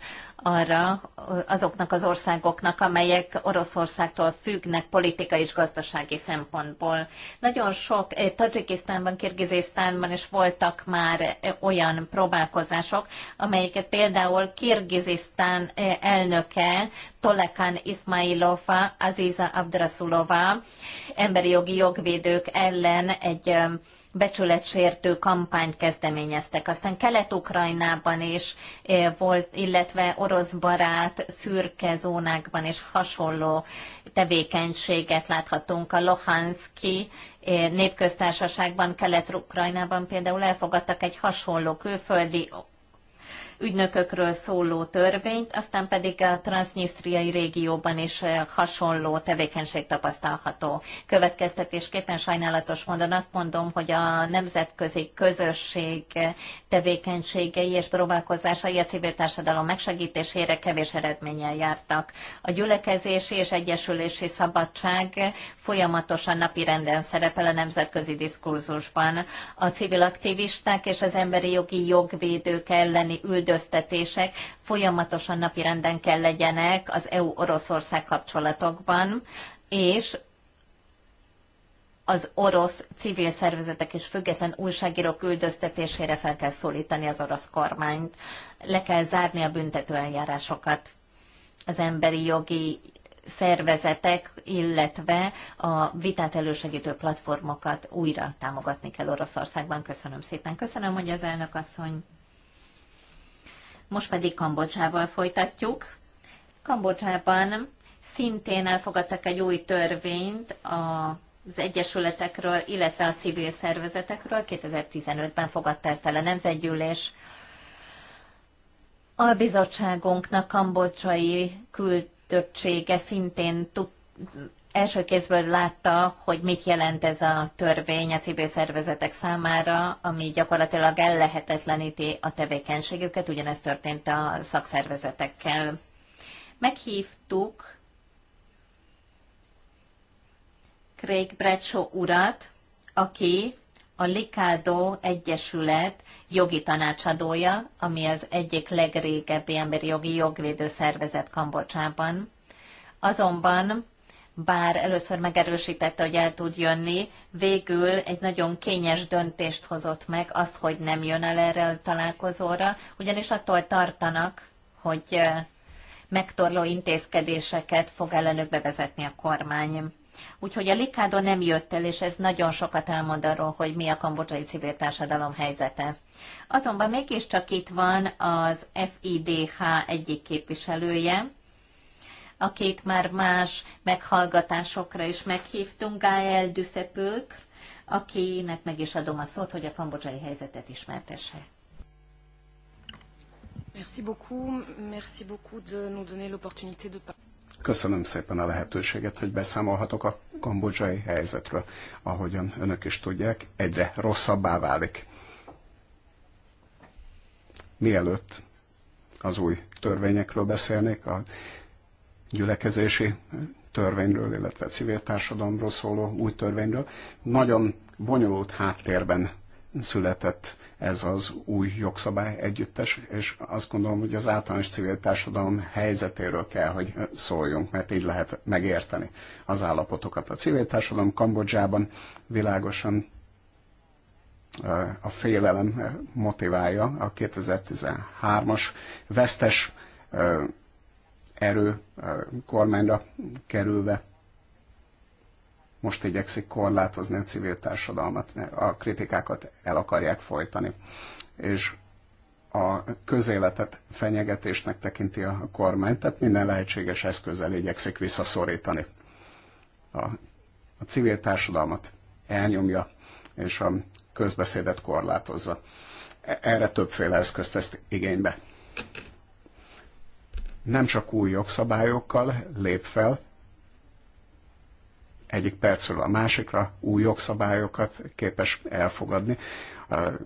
arra azoknak az országoknak, amelyek Oroszországtól függnek politikai és gazdasági szempontból. Nagyon sok eh, Tajikisztánban, Kirgizisztánban is voltak már eh, olyan próbálkozások, amelyeket például Kirgizisztán eh, elnöke Tolekan Ismailova, Aziza Abdrasulova emberi jogi jogvédők ellen egy becsületsértő kampányt kezdeményeztek. Aztán Kelet-Ukrajnában is volt, illetve orosz barát szürke zónákban is hasonló tevékenységet láthatunk. A Lohanszki népköztársaságban, Kelet-Ukrajnában például elfogadtak egy hasonló külföldi ügynökökről szóló törvényt, aztán pedig a transznyisztriai régióban is eh, hasonló tevékenység tapasztalható. Következtetésképpen sajnálatos módon azt mondom, hogy a nemzetközi közösség tevékenységei és próbálkozásai a civil társadalom megsegítésére kevés eredménnyel jártak. A gyülekezési és egyesülési szabadság folyamatosan napirenden szerepel a nemzetközi diskurzusban. A civil aktivisták és az emberi jogi jogvédők elleni üldöztetések folyamatosan napirenden kell legyenek az EU-Oroszország kapcsolatokban, és az orosz civil szervezetek és független újságírók üldöztetésére fel kell szólítani az orosz kormányt, le kell zárni a büntető eljárásokat. Az emberi jogi szervezetek, illetve a vitát elősegítő platformokat újra támogatni kell Oroszországban. Köszönöm szépen. Köszönöm, hogy az elnök asszony. Most pedig Kambodzsával folytatjuk. Kambodzsában szintén elfogadtak egy új törvényt az egyesületekről, illetve a civil szervezetekről. 2015-ben fogadta ezt el a Nemzetgyűlés. A bizottságunknak kambodzsai küldöttsége szintén tud, első kézből látta, hogy mit jelent ez a törvény a civil szervezetek számára, ami gyakorlatilag ellehetetleníti a tevékenységüket, ugyanez történt a szakszervezetekkel. Meghívtuk Craig Bradshaw urat, aki a Likádó Egyesület jogi tanácsadója, ami az egyik legrégebbi emberi jogi jogvédő szervezet Kambocsában. Azonban bár először megerősítette, hogy el tud jönni, végül egy nagyon kényes döntést hozott meg, azt, hogy nem jön el erre a találkozóra, ugyanis attól tartanak, hogy megtorló intézkedéseket fog ellenük bevezetni a kormány. Úgyhogy a Likádó nem jött el, és ez nagyon sokat elmond arról, hogy mi a kambodzsai civil társadalom helyzete. Azonban mégiscsak itt van az FIDH egyik képviselője, akit már más meghallgatásokra is meghívtunk, Gael Düsszepülk, akinek meg is adom a szót, hogy a kambodzsai helyzetet ismertesse. Merci beaucoup, merci beaucoup de nous donner l'opportunité de Köszönöm szépen a lehetőséget, hogy beszámolhatok a kambodzsai helyzetről. Ahogyan önök is tudják, egyre rosszabbá válik. Mielőtt az új törvényekről beszélnék, a gyülekezési törvényről, illetve civil társadalomról szóló új törvényről. Nagyon bonyolult háttérben született ez az új jogszabály együttes, és azt gondolom, hogy az általános civil társadalom helyzetéről kell, hogy szóljunk, mert így lehet megérteni az állapotokat. A civil társadalom Kambodzsában világosan eh, a félelem motiválja a 2013-as vesztes eh, erő kormányra kerülve most igyekszik korlátozni a civil társadalmat, mert a kritikákat el akarják folytani. És a közéletet fenyegetésnek tekinti a kormány, tehát minden lehetséges eszközzel igyekszik visszaszorítani. A, a civil társadalmat elnyomja, és a közbeszédet korlátozza. E, erre többféle eszközt vesz igénybe nem csak új jogszabályokkal lép fel, egyik percről a másikra új jogszabályokat képes elfogadni,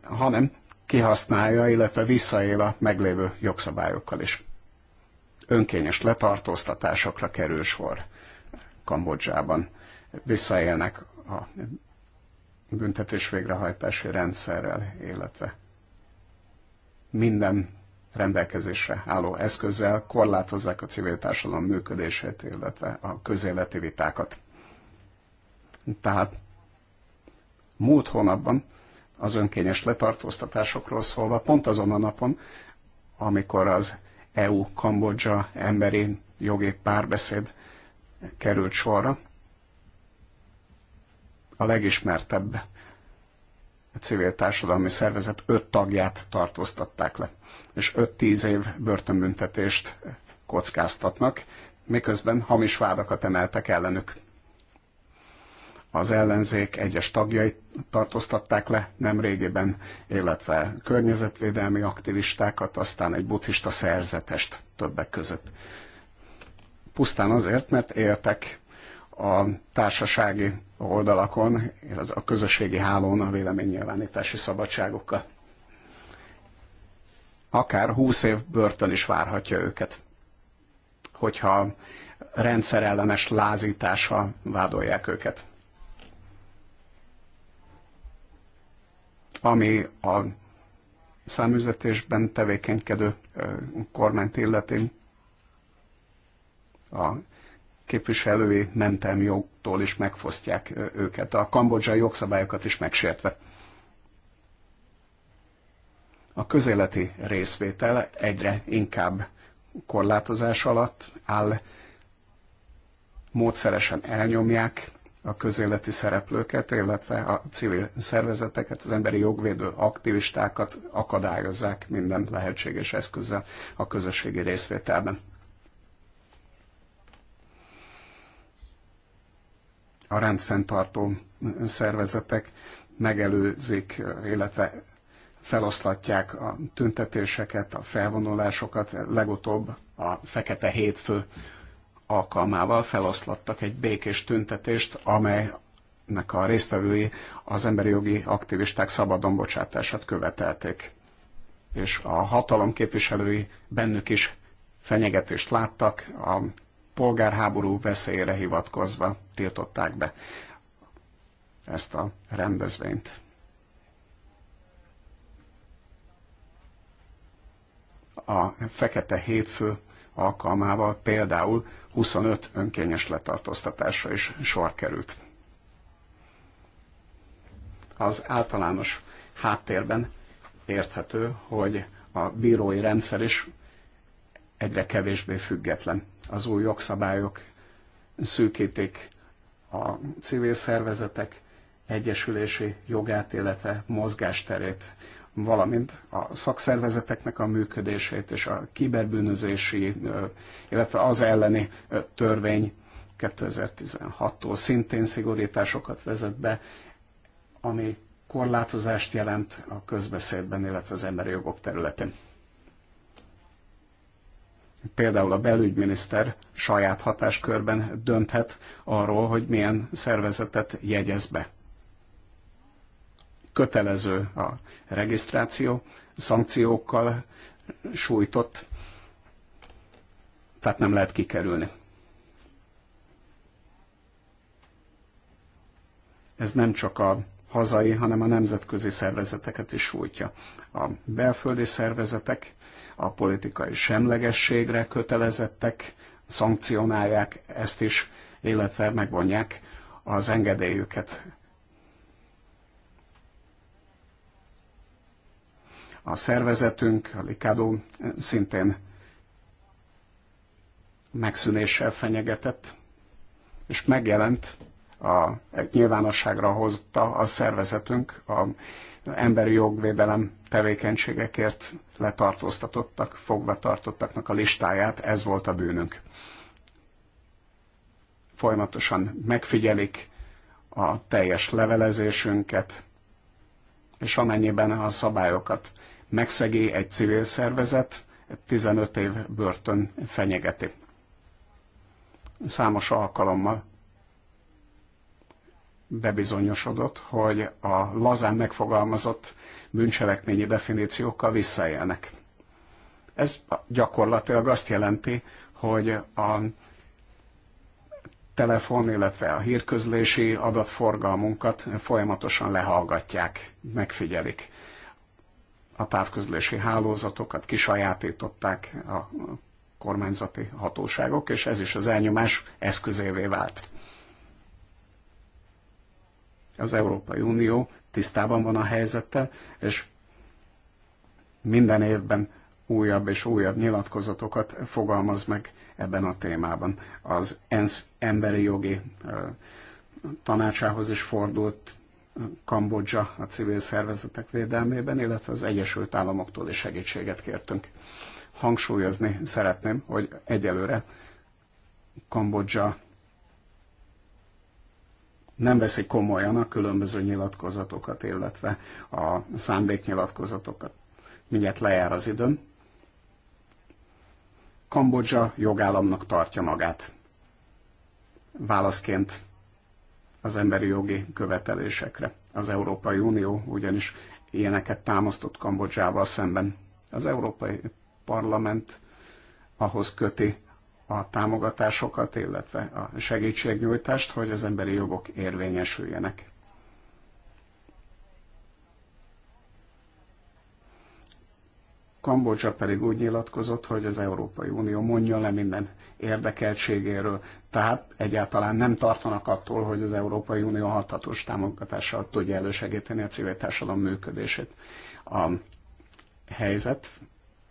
hanem kihasználja, illetve visszaél a meglévő jogszabályokkal is. Önkényes letartóztatásokra kerül sor Kambodzsában. Visszaélnek a büntetés végrehajtási rendszerrel, illetve minden rendelkezésre álló eszközzel korlátozzák a civil társadalom működését, illetve a közéleti vitákat. Tehát múlt hónapban az önkényes letartóztatásokról szólva, pont azon a napon, amikor az EU-Kambodzsa emberi jogi párbeszéd került sorra, a legismertebb civil társadalmi szervezet öt tagját tartóztatták le és 5-10 év börtönbüntetést kockáztatnak, miközben hamis vádakat emeltek ellenük. Az ellenzék egyes tagjait tartóztatták le nem régiben, illetve környezetvédelmi aktivistákat, aztán egy buddhista szerzetest többek között. Pusztán azért, mert éltek a társasági oldalakon, illetve a közösségi hálón a véleménynyilvánítási szabadságokkal akár 20 év börtön is várhatja őket, hogyha rendszerellenes lázítással vádolják őket. Ami a számüzetésben tevékenykedő kormányt illeti, a képviselői mentelmi jogtól is megfosztják őket, a kambodzsai jogszabályokat is megsértve a közéleti részvétel egyre inkább korlátozás alatt áll, módszeresen elnyomják a közéleti szereplőket, illetve a civil szervezeteket, az emberi jogvédő aktivistákat akadályozzák minden lehetséges eszközzel a közösségi részvételben. A rendfenntartó szervezetek megelőzik, illetve feloszlatják a tüntetéseket, a felvonulásokat. Legutóbb a Fekete Hétfő alkalmával feloszlattak egy békés tüntetést, amelynek a résztvevői az emberi jogi aktivisták szabadon bocsátását követelték. És a hatalom képviselői bennük is fenyegetést láttak, a polgárháború veszélyére hivatkozva tiltották be ezt a rendezvényt. a Fekete Hétfő alkalmával például 25 önkényes letartóztatásra is sor került. Az általános háttérben érthető, hogy a bírói rendszer is egyre kevésbé független. Az új jogszabályok szűkítik a civil szervezetek egyesülési jogát, illetve mozgásterét valamint a szakszervezeteknek a működését és a kiberbűnözési, illetve az elleni törvény 2016-tól szintén szigorításokat vezet be, ami korlátozást jelent a közbeszédben, illetve az emberi jogok területén. Például a belügyminiszter saját hatáskörben dönthet arról, hogy milyen szervezetet jegyez be kötelező a regisztráció, szankciókkal sújtott, tehát nem lehet kikerülni. Ez nem csak a hazai, hanem a nemzetközi szervezeteket is sújtja. A belföldi szervezetek a politikai semlegességre kötelezettek, szankcionálják ezt is, illetve megvonják az engedélyüket a szervezetünk, a Likádó szintén megszűnéssel fenyegetett, és megjelent, a, nyilvánosságra hozta a szervezetünk a emberi jogvédelem tevékenységekért letartóztatottak, fogva tartottaknak a listáját, ez volt a bűnünk. Folyamatosan megfigyelik a teljes levelezésünket, és amennyiben a szabályokat megszegé egy civil szervezet, 15 év börtön fenyegeti. Számos alkalommal bebizonyosodott, hogy a lazán megfogalmazott bűncselekményi definíciókkal visszaélnek. Ez gyakorlatilag azt jelenti, hogy a telefon, illetve a hírközlési adatforgalmunkat folyamatosan lehallgatják, megfigyelik a távközlési hálózatokat kisajátították a kormányzati hatóságok, és ez is az elnyomás eszközévé vált. Az Európai Unió tisztában van a helyzettel, és minden évben újabb és újabb nyilatkozatokat fogalmaz meg ebben a témában. Az ENSZ emberi jogi tanácsához is fordult Kambodzsa a civil szervezetek védelmében, illetve az Egyesült Államoktól is segítséget kértünk. Hangsúlyozni szeretném, hogy egyelőre Kambodzsa nem veszi komolyan a különböző nyilatkozatokat, illetve a szándéknyilatkozatokat. Mindjárt lejár az időm. Kambodzsa jogállamnak tartja magát. Válaszként az emberi jogi követelésekre. Az Európai Unió ugyanis ilyeneket támasztott Kambodzsával szemben. Az Európai Parlament ahhoz köti a támogatásokat, illetve a segítségnyújtást, hogy az emberi jogok érvényesüljenek. Kambodzsa pedig úgy nyilatkozott, hogy az Európai Unió mondja le minden érdekeltségéről, tehát egyáltalán nem tartanak attól, hogy az Európai Unió hathatós támogatással tudja elősegíteni a civil társadalom működését. A helyzet,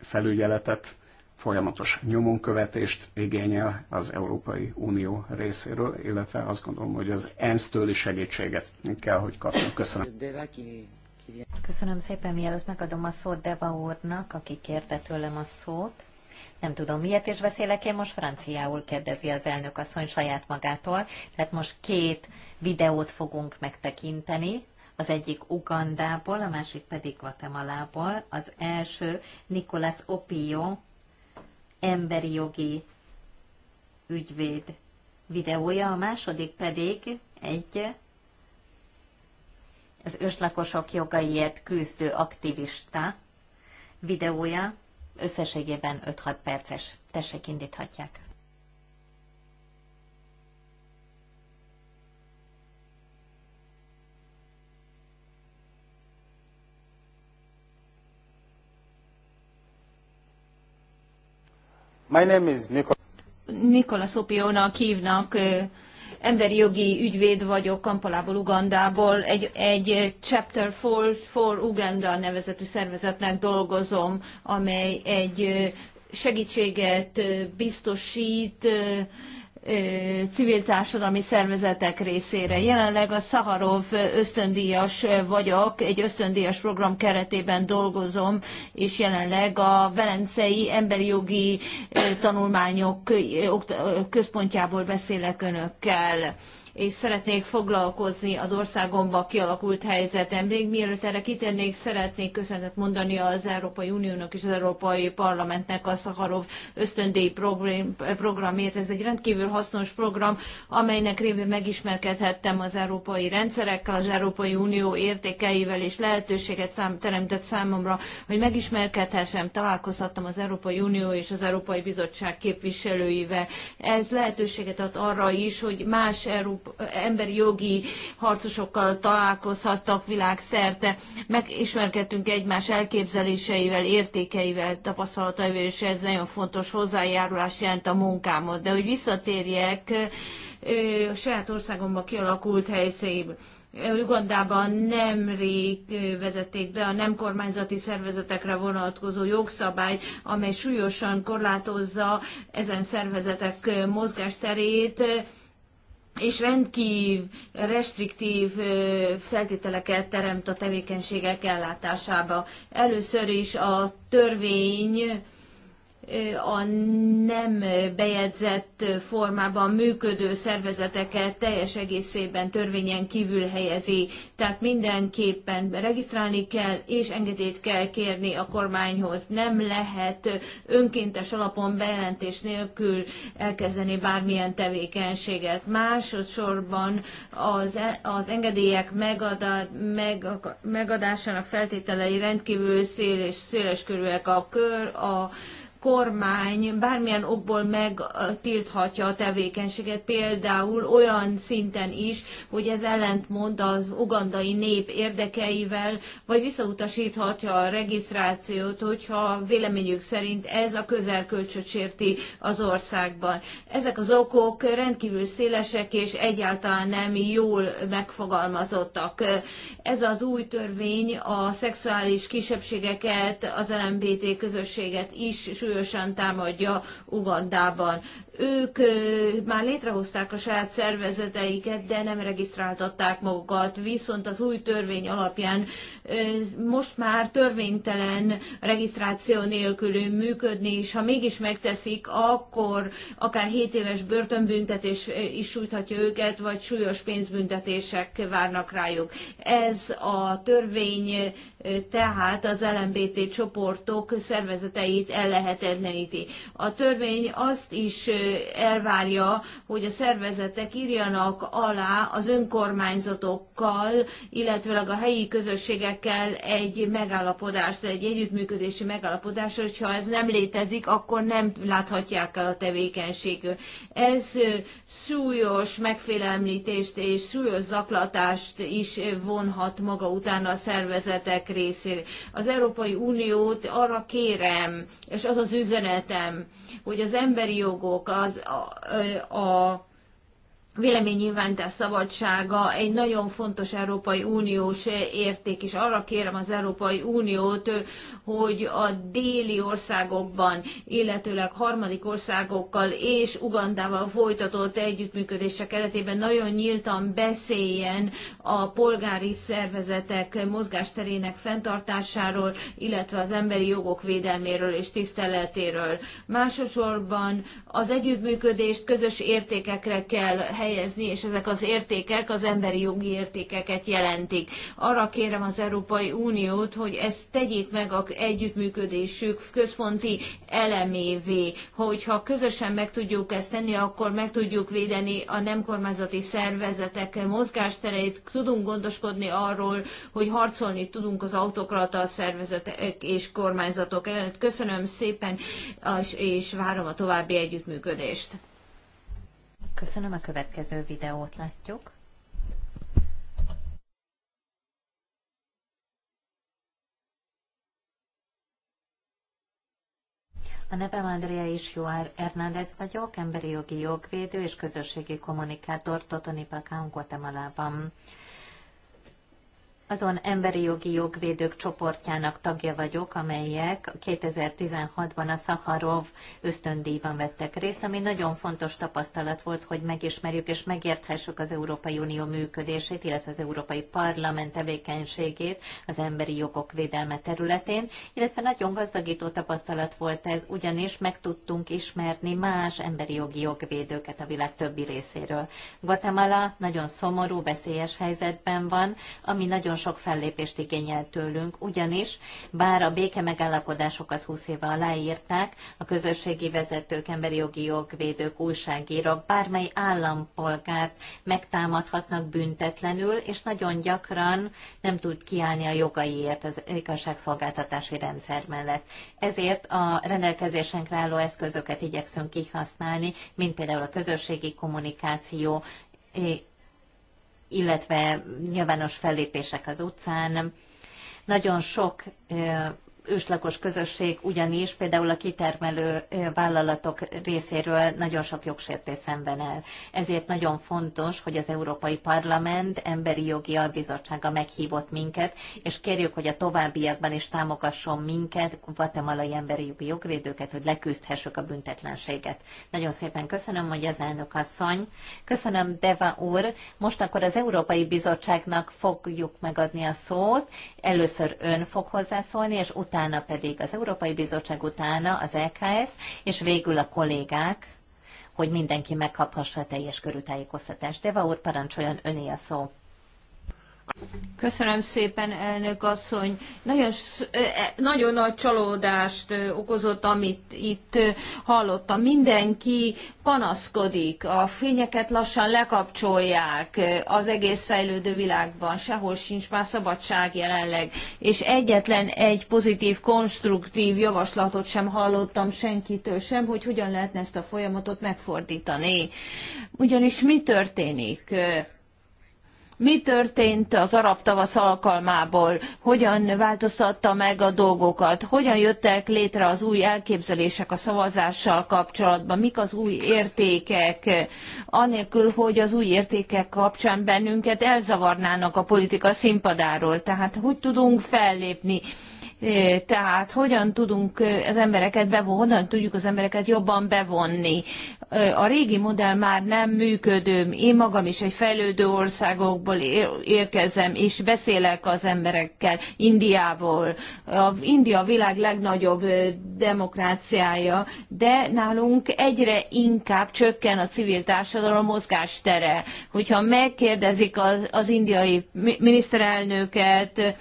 felügyeletet, folyamatos nyomonkövetést igényel az Európai Unió részéről, illetve azt gondolom, hogy az ENSZ-től is segítséget kell, hogy kapjon. Köszönöm. Köszönöm szépen, mielőtt megadom a szót Deva úrnak, aki kérte tőlem a szót. Nem tudom, miért is beszélek én most franciául, kérdezi az elnök asszony saját magától. Tehát most két videót fogunk megtekinteni, az egyik Ugandából, a másik pedig Guatemalából. Az első Nicolas Opio, emberi jogi ügyvéd videója, a második pedig egy az őslakosok jogaiért küzdő aktivista videója, összességében 5-6 perces. Tessék, indíthatják. My name is Nicola. Nikola Szopiónak hívnak, emberi jogi ügyvéd vagyok Kampalából, Ugandából, egy, egy Chapter 4 for Uganda nevezetű szervezetnek dolgozom, amely egy segítséget biztosít civil társadalmi szervezetek részére. Jelenleg a Szaharov ösztöndíjas vagyok, egy ösztöndíjas program keretében dolgozom, és jelenleg a Velencei Emberi Jogi Tanulmányok Központjából beszélek önökkel és szeretnék foglalkozni az országomban kialakult helyzetem. Még mielőtt erre kitérnék, szeretnék köszönetet mondani az Európai Uniónak és az Európai Parlamentnek a Szaharov ösztöndíj programért. Ez egy rendkívül hasznos program, amelynek révén megismerkedhettem az európai rendszerekkel, az Európai Unió értékeivel, és lehetőséget szám, teremtett számomra, hogy megismerkedhessem, találkozhattam az Európai Unió és az Európai Bizottság képviselőivel. Ez lehetőséget ad arra is, hogy más Európai emberi jogi harcosokkal találkozhattak világszerte, megismerkedtünk egymás elképzeléseivel, értékeivel, tapasztalataival, és ez nagyon fontos hozzájárulás jelent a munkámat. De hogy visszatérjek a saját országomban kialakult helyzetéből. Ugandában nemrég vezették be a nem kormányzati szervezetekre vonatkozó jogszabály, amely súlyosan korlátozza ezen szervezetek mozgásterét, és rendkív restriktív feltételeket teremt a tevékenységek ellátásába. Először is a törvény a nem bejegyzett formában működő szervezeteket teljes egészében törvényen kívül helyezi. Tehát mindenképpen regisztrálni kell, és engedélyt kell kérni a kormányhoz. Nem lehet önkéntes alapon bejelentés nélkül elkezdeni bármilyen tevékenységet. Másodszorban az, e, az engedélyek megada, meg, megadásának feltételei rendkívül szél és széles körűek a kör, a kormány bármilyen okból megtilthatja a tevékenységet, például olyan szinten is, hogy ez ellentmond az ugandai nép érdekeivel, vagy visszautasíthatja a regisztrációt, hogyha véleményük szerint ez a közelkölcsöt sérti az országban. Ezek az okok rendkívül szélesek és egyáltalán nem jól megfogalmazottak. Ez az új törvény a szexuális kisebbségeket, az LMBT közösséget is súlyos erősen támadja Ugandában ők már létrehozták a saját szervezeteiket, de nem regisztráltatták magukat, viszont az új törvény alapján most már törvénytelen regisztráció nélkül működni, és ha mégis megteszik, akkor akár 7 éves börtönbüntetés is sújthatja őket, vagy súlyos pénzbüntetések várnak rájuk. Ez a törvény tehát az LMBT csoportok szervezeteit ellehetetleníti. A törvény azt is elvárja, hogy a szervezetek írjanak alá az önkormányzatokkal, illetőleg a helyi közösségekkel egy megállapodást, egy együttműködési megállapodást, hogyha ez nem létezik, akkor nem láthatják el a tevékenység. Ez súlyos megfélemlítést és súlyos zaklatást is vonhat maga után a szervezetek részére. Az Európai Uniót arra kérem, és az az üzenetem, hogy az emberi jogok, az, a, a véleménynyilvántás szabadsága egy nagyon fontos Európai Uniós érték, és arra kérem az Európai Uniót, hogy a déli országokban, illetőleg harmadik országokkal és Ugandával folytatott együttműködése keretében nagyon nyíltan beszéljen a polgári szervezetek mozgásterének fenntartásáról, illetve az emberi jogok védelméről és tiszteletéről. Másosorban az együttműködést közös értékekre kell helyezni, és ezek az értékek az emberi jogi értékeket jelentik. Arra kérem az Európai Uniót, hogy ezt tegyék meg a együttműködésük központi elemévé, hogyha közösen meg tudjuk ezt tenni, akkor meg tudjuk védeni a nem kormányzati szervezetek mozgástereit, tudunk gondoskodni arról, hogy harcolni tudunk az autokrata szervezetek és kormányzatok ellen. Köszönöm szépen, és várom a további együttműködést. Köszönöm, a következő videót látjuk. A nevem Andrea és Jó Hernández vagyok, emberi jogi jogvédő és közösségi kommunikátor Totonipakán, Guatemalában azon emberi jogi jogvédők csoportjának tagja vagyok, amelyek 2016-ban a Szaharov ösztöndíjban vettek részt, ami nagyon fontos tapasztalat volt, hogy megismerjük és megérthessük az Európai Unió működését, illetve az Európai Parlament tevékenységét az emberi jogok védelme területén, illetve nagyon gazdagító tapasztalat volt ez, ugyanis meg tudtunk ismerni más emberi jogi jogvédőket a világ többi részéről. Guatemala nagyon szomorú, veszélyes helyzetben van, ami nagyon nagyon sok fellépést igényel tőlünk, ugyanis bár a béke megállapodásokat 20 éve aláírták, a közösségi vezetők, emberi jogi jogvédők, újságírók bármely állampolgárt megtámadhatnak büntetlenül, és nagyon gyakran nem tud kiállni a jogaiért az igazságszolgáltatási rendszer mellett. Ezért a rendelkezésenkre álló eszközöket igyekszünk kihasználni, mint például a közösségi kommunikáció, illetve nyilvános fellépések az utcán. Nagyon sok őslakos közösség ugyanis például a kitermelő vállalatok részéről nagyon sok jogsértés szemben el. Ezért nagyon fontos, hogy az Európai Parlament Emberi Jogi Albizottsága meghívott minket, és kérjük, hogy a továbbiakban is támogasson minket, guatemalai emberi jogi jogvédőket, hogy leküzdhessük a büntetlenséget. Nagyon szépen köszönöm, hogy az elnök asszony. Köszönöm, Deva úr. Most akkor az Európai Bizottságnak fogjuk megadni a szót. Először ön fog hozzászólni, és utána utána pedig az Európai Bizottság, utána az LKS, és végül a kollégák, hogy mindenki megkaphassa a teljes körű tájékoztatást. Deva úr, parancsoljon öné a szó. Köszönöm szépen, elnök asszony. Nagyon, e, nagyon nagy csalódást okozott, amit itt hallottam. Mindenki panaszkodik, a fényeket lassan lekapcsolják az egész fejlődő világban, sehol sincs már szabadság jelenleg, és egyetlen egy pozitív, konstruktív javaslatot sem hallottam senkitől sem, hogy hogyan lehetne ezt a folyamatot megfordítani. Ugyanis mi történik? mi történt az arab tavasz alkalmából, hogyan változtatta meg a dolgokat, hogyan jöttek létre az új elképzelések a szavazással kapcsolatban, mik az új értékek, anélkül, hogy az új értékek kapcsán bennünket elzavarnának a politika színpadáról. Tehát hogy tudunk fellépni, tehát hogyan tudunk az embereket bevonni, Hogyan tudjuk az embereket jobban bevonni. A régi modell már nem működő. Én magam is egy fejlődő országokból érkezem, és beszélek az emberekkel Indiából. A India a világ legnagyobb demokráciája, de nálunk egyre inkább csökken a civil társadalom mozgástere. Hogyha megkérdezik az, az indiai miniszterelnőket,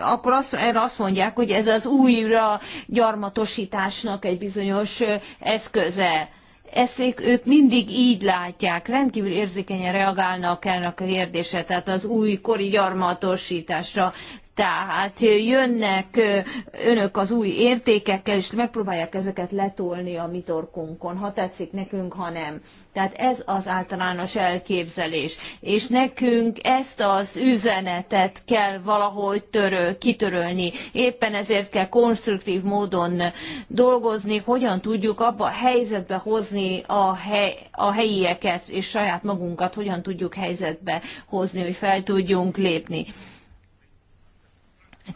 akkor azt, egyszerűen azt mondják, hogy ez az újra gyarmatosításnak egy bizonyos eszköze. Ezt ők mindig így látják, rendkívül érzékenyen reagálnak erre a kérdésre, tehát az újkori gyarmatosításra. Tehát jönnek önök az új értékekkel, és megpróbálják ezeket letolni a mi torkunkon, ha tetszik nekünk, ha nem. Tehát ez az általános elképzelés. És nekünk ezt az üzenetet kell valahogy törő, kitörölni. Éppen ezért kell konstruktív módon dolgozni, hogyan tudjuk abba a helyzetbe hozni a, hely, a helyieket és saját magunkat, hogyan tudjuk helyzetbe hozni, hogy fel tudjunk lépni.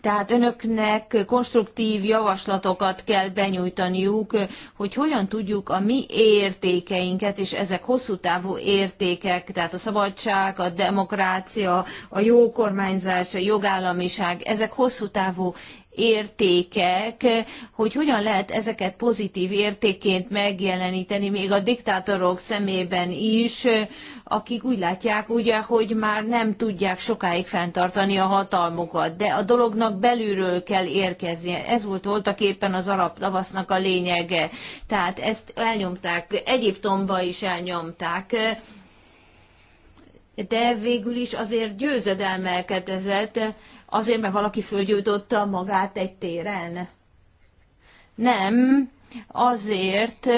Tehát önöknek konstruktív javaslatokat kell benyújtaniuk, hogy hogyan tudjuk a mi értékeinket, és ezek hosszú távú értékek, tehát a szabadság, a demokrácia, a jó kormányzás, a jogállamiság, ezek hosszú távú értékek, hogy hogyan lehet ezeket pozitív értékként megjeleníteni, még a diktátorok szemében is, akik úgy látják, ugye, hogy már nem tudják sokáig fenntartani a hatalmukat, de a dolognak belülről kell érkeznie. Ez volt voltak éppen az arab tavasznak a lényege. Tehát ezt elnyomták, Egyiptomba is elnyomták de végül is azért győzedelmelkedezett azért, mert valaki fölgyújtotta magát egy téren. Nem, azért,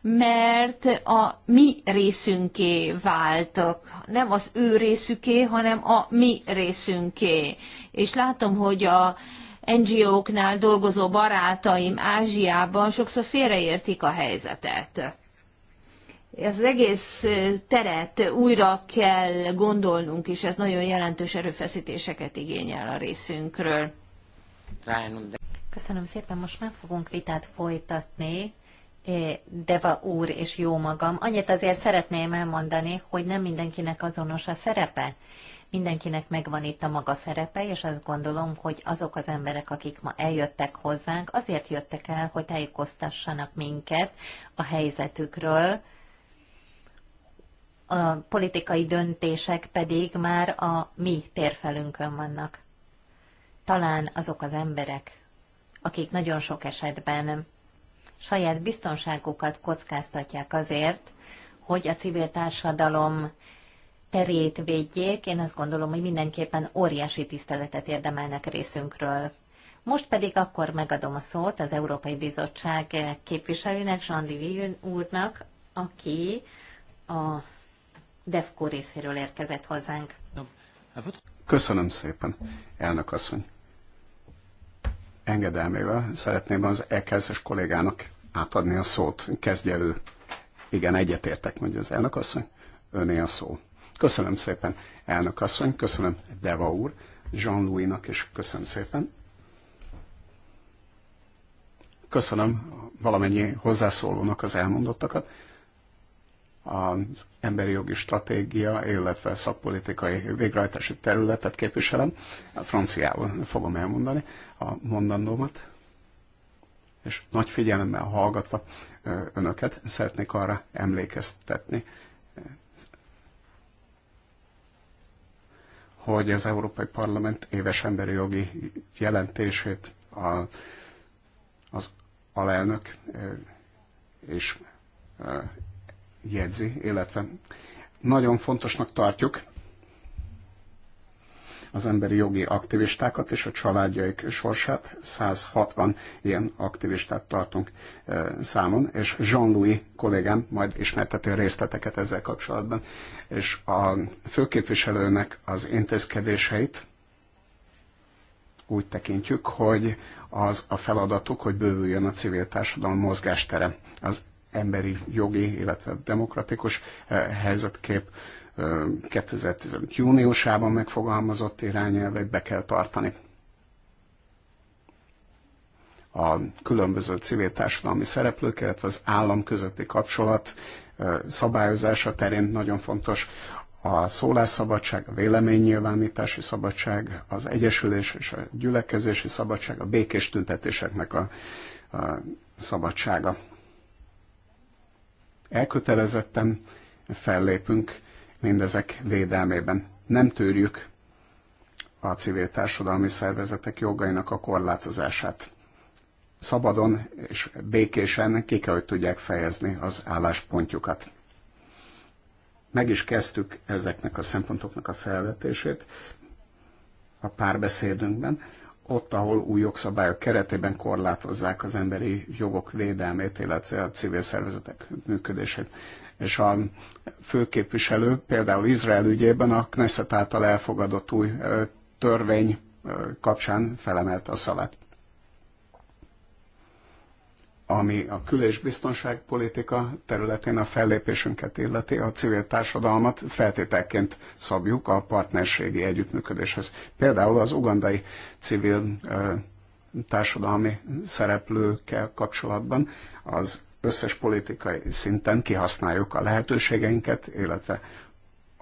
mert a mi részünké váltak. Nem az ő részüké, hanem a mi részünké. És látom, hogy a NGO-knál dolgozó barátaim Ázsiában sokszor félreértik a helyzetet az egész teret újra kell gondolnunk, és ez nagyon jelentős erőfeszítéseket igényel a részünkről. Köszönöm szépen, most meg fogunk vitát folytatni. Deva úr és jó magam. Annyit azért szeretném elmondani, hogy nem mindenkinek azonos a szerepe. Mindenkinek megvan itt a maga szerepe, és azt gondolom, hogy azok az emberek, akik ma eljöttek hozzánk, azért jöttek el, hogy tájékoztassanak minket a helyzetükről, a politikai döntések pedig már a mi térfelünkön vannak. Talán azok az emberek, akik nagyon sok esetben saját biztonságukat kockáztatják azért, hogy a civil társadalom terét védjék, én azt gondolom, hogy mindenképpen óriási tiszteletet érdemelnek részünkről. Most pedig akkor megadom a szót az Európai Bizottság képviselőnek, Jean louis úrnak, aki a DEFCO részéről érkezett hozzánk. Köszönöm szépen, elnök asszony. Engedelmével szeretném az elkezdes kollégának átadni a szót. Kezdje ő. Igen, egyetértek, mondja az elnök asszony. Öné a szó. Köszönöm szépen, elnök asszony, köszönöm Deva úr, Jean-Louis-nak is köszönöm szépen. Köszönöm valamennyi hozzászólónak az elmondottakat az emberi jogi stratégia, illetve szakpolitikai végrehajtási területet képviselem. Franciául fogom elmondani a mondandómat, és nagy figyelemmel hallgatva önöket szeretnék arra emlékeztetni, hogy az Európai Parlament éves emberi jogi jelentését a, az alelnök és jegyzi, illetve nagyon fontosnak tartjuk az emberi jogi aktivistákat és a családjaik sorsát. 160 ilyen aktivistát tartunk számon, és Jean-Louis kollégám majd ismerteti a részleteket ezzel kapcsolatban. És a főképviselőnek az intézkedéseit úgy tekintjük, hogy az a feladatuk, hogy bővüljön a civil társadalom mozgástere. Az emberi jogi, illetve demokratikus eh, helyzetkép 2015 eh, júniusában megfogalmazott irányelveit be kell tartani. A különböző civil társadalmi szereplők, illetve az állam közötti kapcsolat eh, szabályozása terén nagyon fontos a szólásszabadság, a véleménynyilvánítási szabadság, az egyesülés és a gyülekezési szabadság, a békés tüntetéseknek a, a szabadsága elkötelezetten fellépünk mindezek védelmében. Nem tűrjük a civil társadalmi szervezetek jogainak a korlátozását. Szabadon és békésen ki kell, hogy tudják fejezni az álláspontjukat. Meg is kezdtük ezeknek a szempontoknak a felvetését a párbeszédünkben, ott, ahol új jogszabályok keretében korlátozzák az emberi jogok védelmét, illetve a civil szervezetek működését. És a főképviselő például Izrael ügyében a Knesset által elfogadott új törvény kapcsán felemelte a szavát ami a kül- és biztonságpolitika területén a fellépésünket illeti, a civil társadalmat feltételként szabjuk a partnerségi együttműködéshez. Például az ugandai civil társadalmi szereplőkkel kapcsolatban az összes politikai szinten kihasználjuk a lehetőségeinket, illetve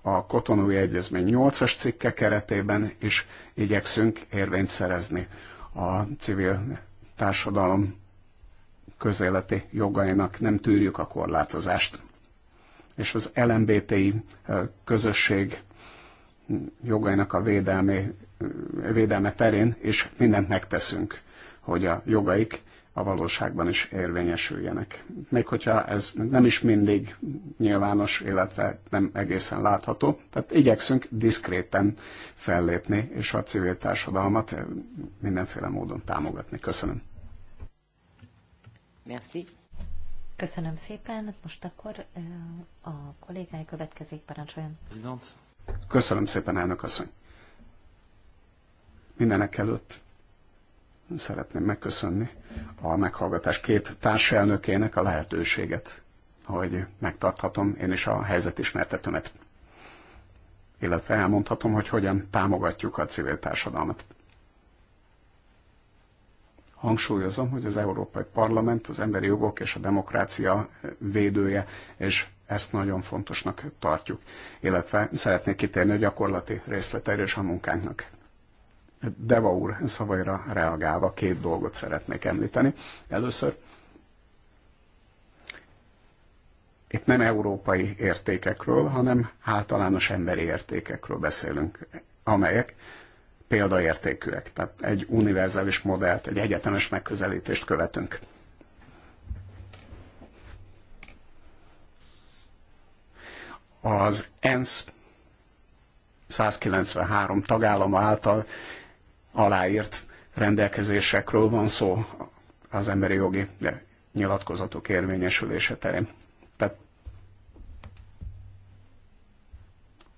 a Kotonói Egyezmény 8-as cikke keretében is igyekszünk érvényt szerezni a civil társadalom közéleti jogainak nem tűrjük a korlátozást. És az LMBTI közösség jogainak a védelmi, védelme terén is mindent megteszünk, hogy a jogaik a valóságban is érvényesüljenek. Még hogyha ez nem is mindig nyilvános, illetve nem egészen látható, tehát igyekszünk diszkréten fellépni, és a civil társadalmat mindenféle módon támogatni. Köszönöm. Merci. Köszönöm szépen. Most akkor a kollégáj következik, parancsoljon. Köszönöm szépen, elnök asszony. Mindenek előtt szeretném megköszönni a meghallgatás két társelnökének a lehetőséget, hogy megtarthatom én is a helyzetismertetőmet, illetve elmondhatom, hogy hogyan támogatjuk a civil társadalmat hangsúlyozom, hogy az Európai Parlament az emberi jogok és a demokrácia védője, és ezt nagyon fontosnak tartjuk, illetve szeretnék kitérni a gyakorlati részleteire és a munkánknak. Deva úr szavaira reagálva két dolgot szeretnék említeni. Először itt nem európai értékekről, hanem általános emberi értékekről beszélünk, amelyek példaértékűek. Tehát egy univerzális modellt, egy egyetemes megközelítést követünk. Az ENSZ 193 tagállama által aláírt rendelkezésekről van szó az emberi jogi nyilatkozatok érvényesülése terén.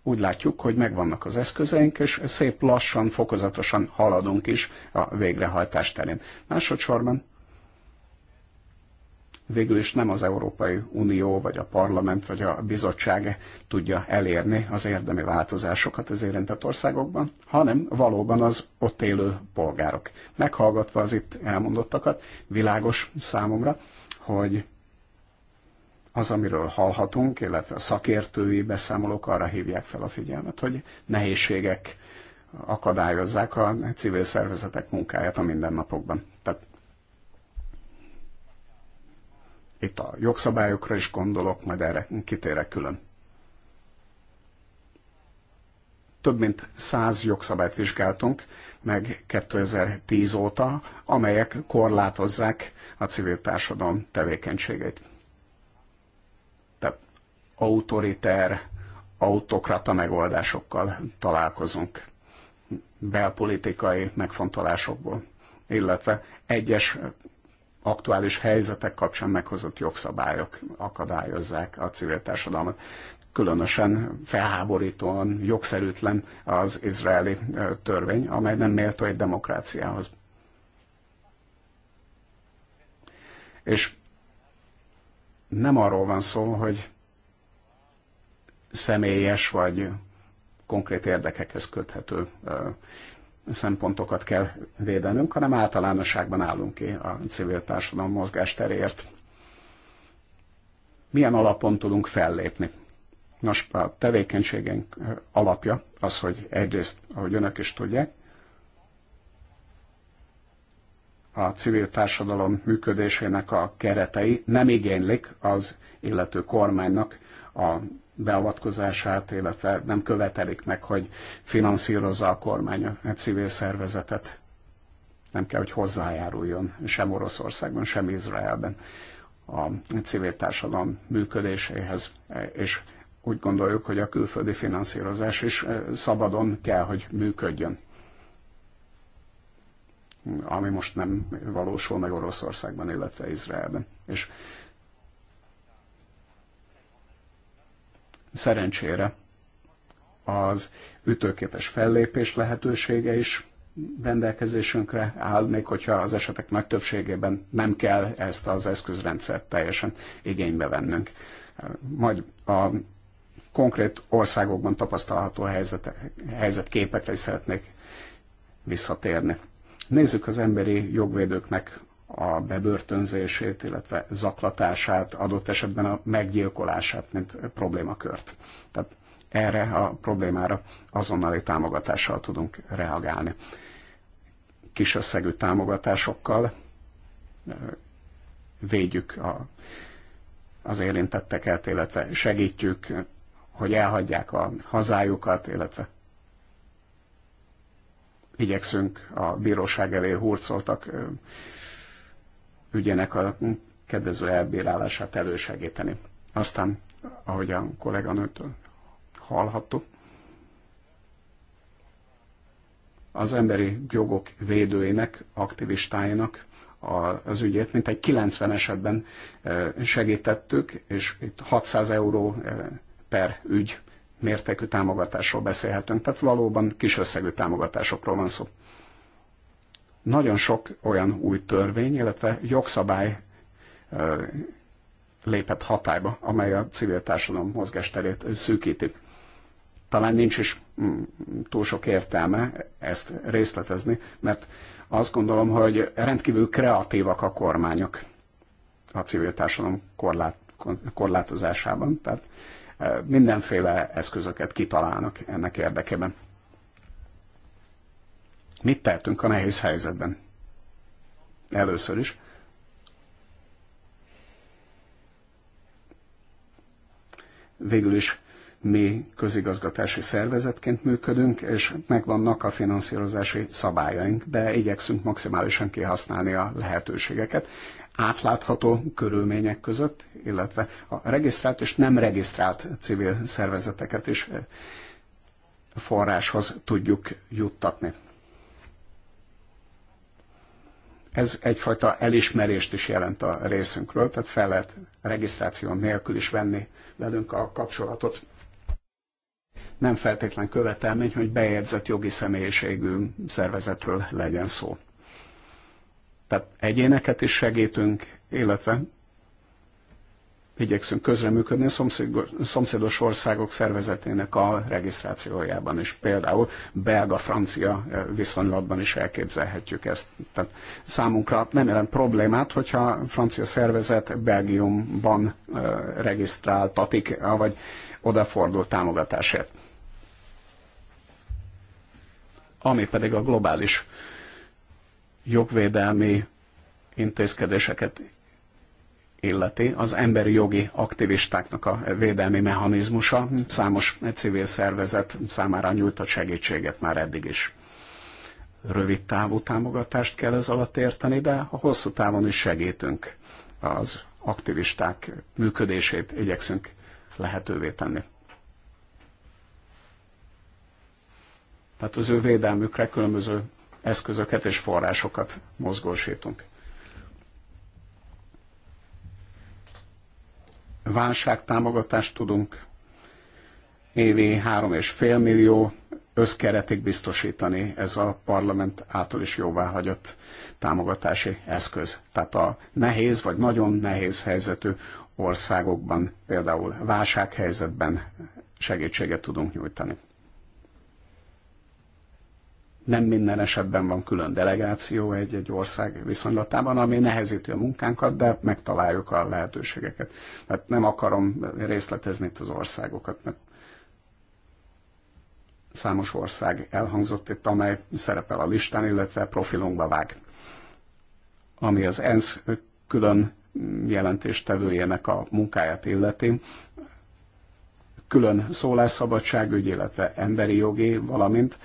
úgy látjuk, hogy megvannak az eszközeink, és szép lassan, fokozatosan haladunk is a végrehajtás terén. Másodszorban végül is nem az Európai Unió, vagy a parlament, vagy a bizottság tudja elérni az érdemi változásokat az érintett országokban, hanem valóban az ott élő polgárok. Meghallgatva az itt elmondottakat, világos számomra, hogy az, amiről hallhatunk, illetve a szakértői beszámolók arra hívják fel a figyelmet, hogy nehézségek akadályozzák a civil szervezetek munkáját a mindennapokban. Tehát itt a jogszabályokra is gondolok, majd erre kitérek külön. Több mint száz jogszabályt vizsgáltunk meg 2010 óta, amelyek korlátozzák a civil társadalom tevékenységeit autoriter, autokrata megoldásokkal találkozunk belpolitikai megfontolásokból, illetve egyes aktuális helyzetek kapcsán meghozott jogszabályok akadályozzák a civil társadalmat. Különösen felháborítóan, jogszerűtlen az izraeli törvény, amely nem méltó egy demokráciához. És nem arról van szó, hogy személyes vagy konkrét érdekekhez köthető szempontokat kell védenünk, hanem általánosságban állunk ki a civil társadalom mozgásterért. Milyen alapon tudunk fellépni? Nos, a tevékenységünk alapja az, hogy egyrészt, ahogy önök is tudják, a civil társadalom működésének a keretei nem igénylik az illető kormánynak a beavatkozását, illetve nem követelik meg, hogy finanszírozza a kormány a civil szervezetet. Nem kell, hogy hozzájáruljon sem Oroszországban, sem Izraelben a civil társadalom működéséhez, és úgy gondoljuk, hogy a külföldi finanszírozás is szabadon kell, hogy működjön. Ami most nem valósul meg Oroszországban, illetve Izraelben. És Szerencsére az ütőképes fellépés lehetősége is rendelkezésünkre áll, még hogyha az esetek nagy többségében nem kell ezt az eszközrendszert teljesen igénybe vennünk. Majd a konkrét országokban tapasztalható helyzet, helyzetképekre is szeretnék visszatérni. Nézzük az emberi jogvédőknek a bebörtönzését, illetve zaklatását, adott esetben a meggyilkolását, mint problémakört. Tehát erre a problémára azonnali támogatással tudunk reagálni. Kis összegű támogatásokkal védjük a, az érintetteket, illetve segítjük, hogy elhagyják a hazájukat, illetve igyekszünk a bíróság elé hurcoltak ügyének a kedvező elbírálását elősegíteni. Aztán, ahogy a kolléganőtől hallhattuk, az emberi jogok védőinek, aktivistáinak az ügyét, mint egy 90 esetben e, segítettük, és itt 600 euró e, per ügy mértékű támogatásról beszélhetünk. Tehát valóban kis összegű támogatásokról van szó. Nagyon sok olyan új törvény, illetve jogszabály lépett hatályba, amely a civil társadalom mozgásterét szűkíti. Talán nincs is mm, túl sok értelme ezt részletezni, mert azt gondolom, hogy rendkívül kreatívak a kormányok a civil társadalom korlát, korlátozásában. Tehát mindenféle eszközöket kitalálnak ennek érdekében. Mit tehetünk a nehéz helyzetben? Először is. Végül is mi közigazgatási szervezetként működünk, és megvannak a finanszírozási szabályaink, de igyekszünk maximálisan kihasználni a lehetőségeket átlátható körülmények között, illetve a regisztrált és nem regisztrált civil szervezeteket is forráshoz tudjuk juttatni. Ez egyfajta elismerést is jelent a részünkről, tehát fel lehet regisztráció nélkül is venni velünk a kapcsolatot. Nem feltétlen követelmény, hogy bejegyzett jogi személyiségű szervezetről legyen szó. Tehát egyéneket is segítünk, illetve igyekszünk közreműködni a szomszédos országok szervezetének a regisztrációjában is. Például belga-francia viszonylatban is elképzelhetjük ezt. Tehát számunkra nem jelent problémát, hogyha a francia szervezet Belgiumban regisztráltatik, vagy odafordul támogatásért. Ami pedig a globális jogvédelmi intézkedéseket illeti, az emberi jogi aktivistáknak a védelmi mechanizmusa számos civil szervezet számára nyújtott segítséget már eddig is. Rövid távú támogatást kell ez alatt érteni, de a hosszú távon is segítünk. Az aktivisták működését igyekszünk lehetővé tenni. Tehát az ő védelmükre különböző eszközöket és forrásokat mozgósítunk. válságtámogatást tudunk évi 3,5 millió összkeretig biztosítani ez a parlament által is jóváhagyott támogatási eszköz. Tehát a nehéz vagy nagyon nehéz helyzetű országokban, például válsághelyzetben segítséget tudunk nyújtani nem minden esetben van külön delegáció egy-egy ország viszonylatában, ami nehezíti a munkánkat, de megtaláljuk a lehetőségeket. Mert hát nem akarom részletezni itt az országokat, mert számos ország elhangzott itt, amely szerepel a listán, illetve profilunkba vág. Ami az ENSZ külön jelentéstevőjének a munkáját illeti, külön szólásszabadságügy, illetve emberi jogi, valamint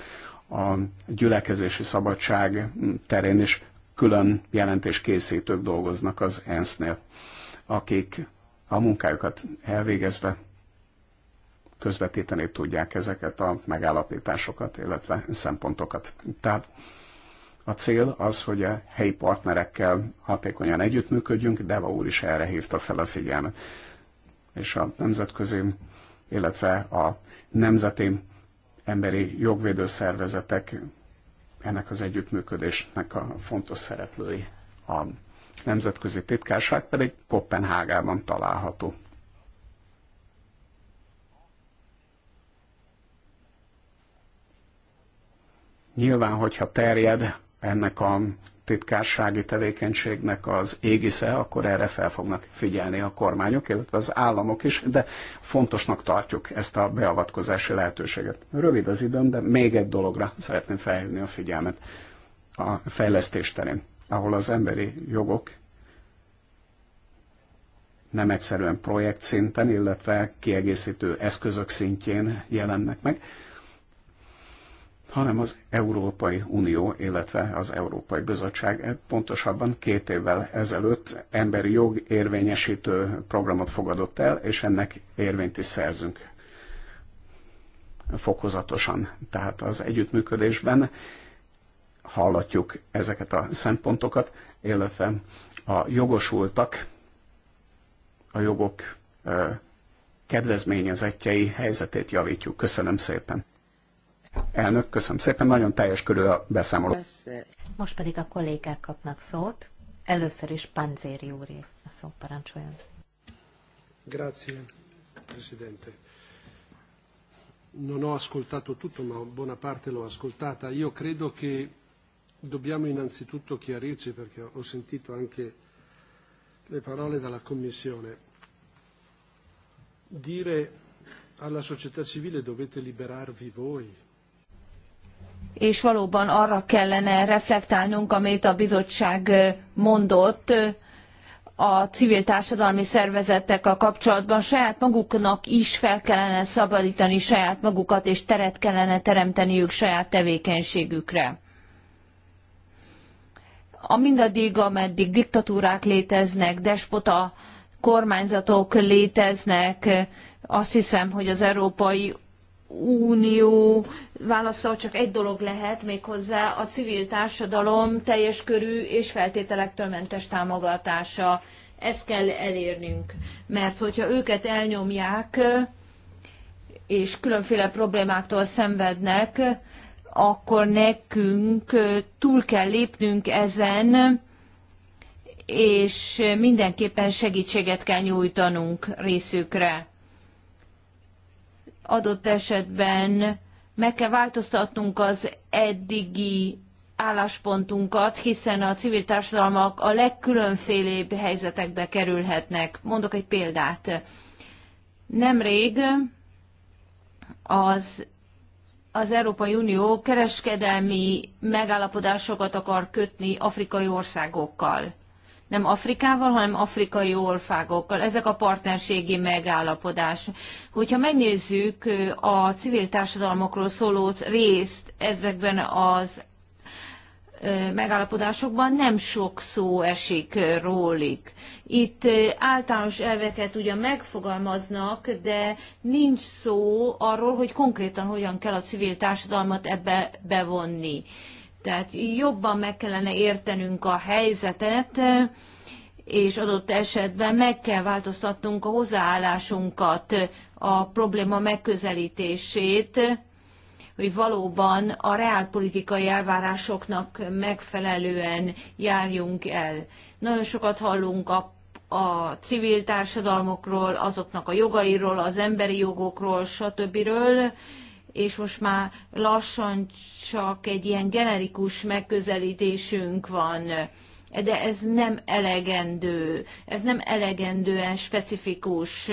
a gyülekezési szabadság terén is külön jelentéskészítők dolgoznak az ENSZ-nél, akik a munkájukat elvégezve közvetíteni tudják ezeket a megállapításokat, illetve szempontokat. Tehát a cél az, hogy a helyi partnerekkel hatékonyan együttműködjünk, Deva úr is erre hívta fel a figyelmet. És a nemzetközi, illetve a nemzeti emberi jogvédő szervezetek ennek az együttműködésnek a fontos szereplői. A nemzetközi titkárság pedig Kopenhágában található. Nyilván, hogyha terjed ennek a titkársági tevékenységnek az égisze, akkor erre fel fognak figyelni a kormányok, illetve az államok is, de fontosnak tartjuk ezt a beavatkozási lehetőséget. Rövid az időm, de még egy dologra szeretném felhívni a figyelmet a fejlesztés terén, ahol az emberi jogok nem egyszerűen projekt szinten, illetve kiegészítő eszközök szintjén jelennek meg hanem az Európai Unió, illetve az Európai Bizottság pontosabban két évvel ezelőtt emberi jog érvényesítő programot fogadott el, és ennek érvényt is szerzünk fokozatosan. Tehát az együttműködésben hallatjuk ezeket a szempontokat, illetve a jogosultak, a jogok kedvezményezettjei helyzetét javítjuk. Köszönöm szépen! Elnök, köszönöm szépen, nagyon teljes körül a beszámoló. Most pedig a kollégák kapnak szót. Először is Panzéri úré a szó parancsoljon. Grazie, Presidente. Non ho ascoltato tutto, ma buona parte l'ho ascoltata. Io credo che dobbiamo innanzitutto chiarirci, perché ho sentito anche le parole dalla Commissione. Dire alla società civile dovete liberarvi voi és valóban arra kellene reflektálnunk, amit a bizottság mondott a civil társadalmi szervezetekkel kapcsolatban. Saját maguknak is fel kellene szabadítani saját magukat, és teret kellene teremteniük saját tevékenységükre. A mindaddig, ameddig diktatúrák léteznek, despota kormányzatok léteznek, azt hiszem, hogy az Európai Unió válasza csak egy dolog lehet, méghozzá a civil társadalom teljes körű és feltételektől mentes támogatása. Ezt kell elérnünk, mert hogyha őket elnyomják, és különféle problémáktól szenvednek, akkor nekünk túl kell lépnünk ezen, és mindenképpen segítséget kell nyújtanunk részükre adott esetben meg kell változtatnunk az eddigi álláspontunkat, hiszen a civil társadalmak a legkülönfélébb helyzetekbe kerülhetnek. Mondok egy példát. Nemrég az, az Európai Unió kereskedelmi megállapodásokat akar kötni afrikai országokkal nem Afrikával, hanem afrikai országokkal. Ezek a partnerségi megállapodás. Hogyha megnézzük a civil társadalmakról szóló részt ezekben az megállapodásokban nem sok szó esik rólik. Itt általános elveket ugyan megfogalmaznak, de nincs szó arról, hogy konkrétan hogyan kell a civil társadalmat ebbe bevonni. Tehát jobban meg kellene értenünk a helyzetet, és adott esetben meg kell változtatnunk a hozzáállásunkat, a probléma megközelítését, hogy valóban a reálpolitikai elvárásoknak megfelelően járjunk el. Nagyon sokat hallunk a a civil társadalmokról, azoknak a jogairól, az emberi jogokról, stb és most már lassan csak egy ilyen generikus megközelítésünk van, de ez nem elegendő, ez nem elegendően specifikus,